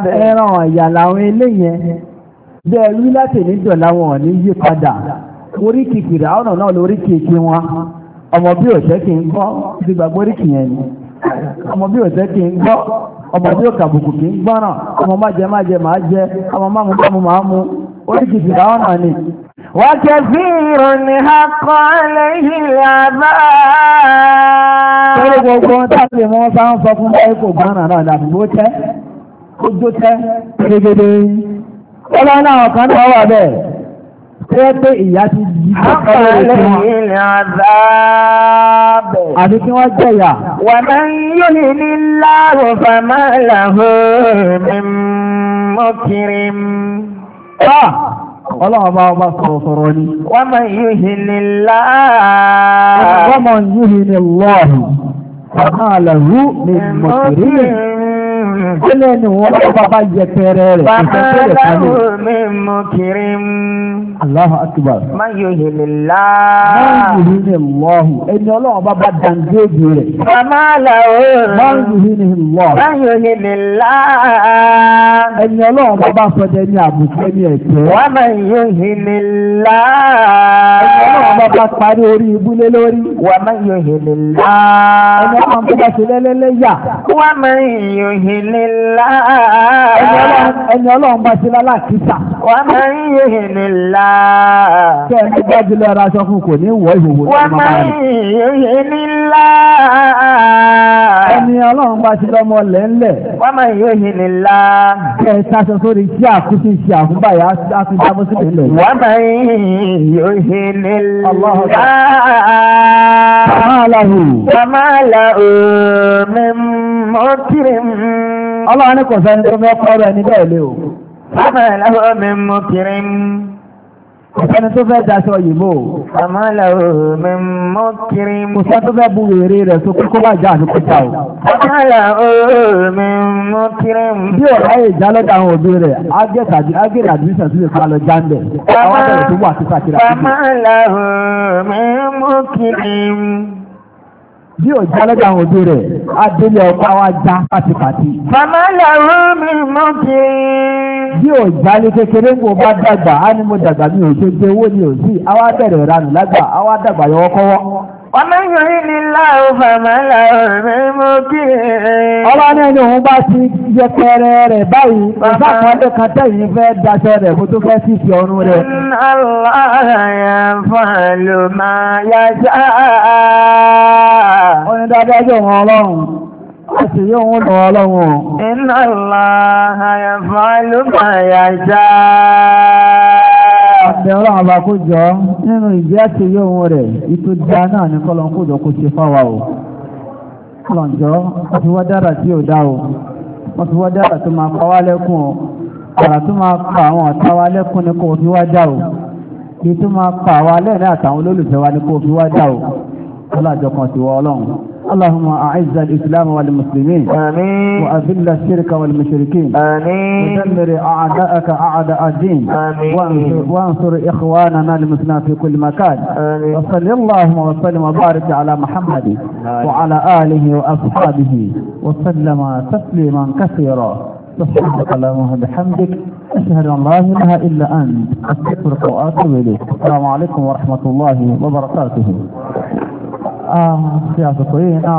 bẹ́ẹ̀. ẹran ọ̀yà làwọn eléyẹn bẹ́ẹ̀ rí láti yí padà náà lórí kìkì wọn ọmọ bí òṣẹ́ kì gbọ́ ti gbàgbọ́ ni ọmọ bí òṣẹ́ kì ọmọ bí kì gbọ́ràn ọmọ jẹ ọmọ mú náà وكثير حق عليه العذاب Tọ́rọ gbogbo tàbí wọ́n bá ń sọ fún ẹ́kò gbọ́nà náà làbúgbó tẹ́, ojú tẹ́, gẹ́gẹ́dẹ́. Ọlá náà kan náà wà bẹ́ẹ̀, tí ó pé ìyá ti yí kọ́kọ́rọ́ kí wọ́n jẹ̀yà. Wà máa ń yóò lè ní láàrùn fàmálà hó mímú kiri ọlọ́wọ́ bá ọba sọ̀rọ̀ sọ̀rọ̀ ni. wa man yuhinillahu. wa man Bẹ́lẹ̀ ni wọ́n bá bàbá yẹpẹrẹ rẹ̀. Bàbá aláwọ̀ mi mú kiri mú. Allahu akbar. Má yóò yèlè lá. Má yìí ní lọ́hù. Ẹni ọlọ́run bá bá dàngéèdì rẹ̀. Bàbá aláwọ̀. Má yìí ní lọ́hù. Má yóò yèlè lá. Ẹni ọlọ́run bá bá sọdẹ ní àbùkù ẹni ẹ̀tẹ́. Wà má yóò yèlè lá. Ẹni ọlọ́run bá bá parí orí ibúlé lórí. Wà má yóò yèlè lá. Ẹni ọlọ́run bá bá ṣe lẹ́lẹ́lẹ́yà. Wà má yóò yèlè nílá. Ẹni ọlọ́run bá ṣe lálá kìíta. Wọ́n máa ń yè nílá. Kẹ́ ẹni bá jùlọ ẹ̀rọ aṣọ fún kò ní wọ ìhòòhò ní ọmọ máa rẹ̀. Wọ́n máa ń yè nílá. Ẹni ọlọ́run bá ṣe lọ́mọ lẹ́ńlẹ̀. Wọ́n máa ń yè nílá. Kẹ́ ẹ taṣọ sórí tí àkútí ṣe àkúbáyà á fi jábọ́ sílẹ̀ lẹ̀. Wọ́n máa ń yè nílá. Wọ́n máa ń mọ́kìrín. ọlọ́run ní kò sẹ́ni tó fẹ́ kọ́ rẹ̀ níbẹ̀ ilé o. sábà lọ́wọ́ mi mọ́kìrín. kò sẹ́ni tó fẹ́ daṣọ òyìnbó o. sábà lọ́wọ́ mi mọ́kìrín. kò sẹ́ni tó fẹ́ bu wèrè rẹ̀ tó kókó bá já àdúgbò ta o. sábà lọ́wọ́ mi mọ́kìrín. bí ọ̀rọ̀ ayé ìjà lọ́dọ̀ àwọn òbí rẹ̀ ágẹ̀rẹ̀ àdìsàn sílẹ̀ kó lọ jáǹdẹ̀. sábà lọ́wọ́ mi mọ́kìrín. bí o já lọ́dọ̀ àwọn òbí rẹ̀ á délé ọkọ̀ wa já pátípátí. Màmá làwọn mi mọ̀ kí. Bí o já lé kékeré dàgbà á mi ò ṣe owó ni ò sí, á wá bẹ̀rẹ̀ awa lágbà, á wá dàgbà yọwọ́ kọ́wọ́. Ọmọ ni láwọn màmá làwọn mi mọ̀ Ọlá ní rẹ̀ báyìí, kan tẹ̀yìn fẹ́ rẹ̀ kó tó fẹ́ ọrùn rẹ̀. yẹn ó ní dáadáa jẹ́ wọn ọlọ́run Àti yóò wọ́n lọ ọlọ́run. Iná láàá ẹ̀fọ́ ló bàyà já. Àti ọlọ́run bá kó jọ nínú ìjẹ́ àti yóò wọ́n rẹ̀, ìtò dá náà ní kọ́lọ̀ kó jọ kó ṣe fáwa o. Kọ̀lọ̀njọ́, wọ́n ti wá dára tí ò dá o. Wọ́n ti wá dára tó máa pa wá lẹ́kùn o. Àrà tó máa pa àwọn ọ̀tá wa lẹ́kùn ni kò fi wá dá o. Kì í tó máa pa àwa lẹ́rìn àtàwọn olólùfẹ́ wa ni kò fi wá dá o. alájọkan ti اللهم أعز الإسلام والمسلمين آمين وأذل الشرك والمشركين آمين ودمر أعداءك أعداء الدين آمين وانصر, وانصر إخواننا المسلمين في كل مكان آمين وصل اللهم وسلم وبارك على محمد آمين. وعلى آله وأصحابه وسلم تسليما كثيرا سبحانك اللهم وبحمدك أشهد أن لا إله إلا أنت أستغفرك وأتوب إليك السلام عليكم ورحمة الله وبركاته 啊，这样子回应啊。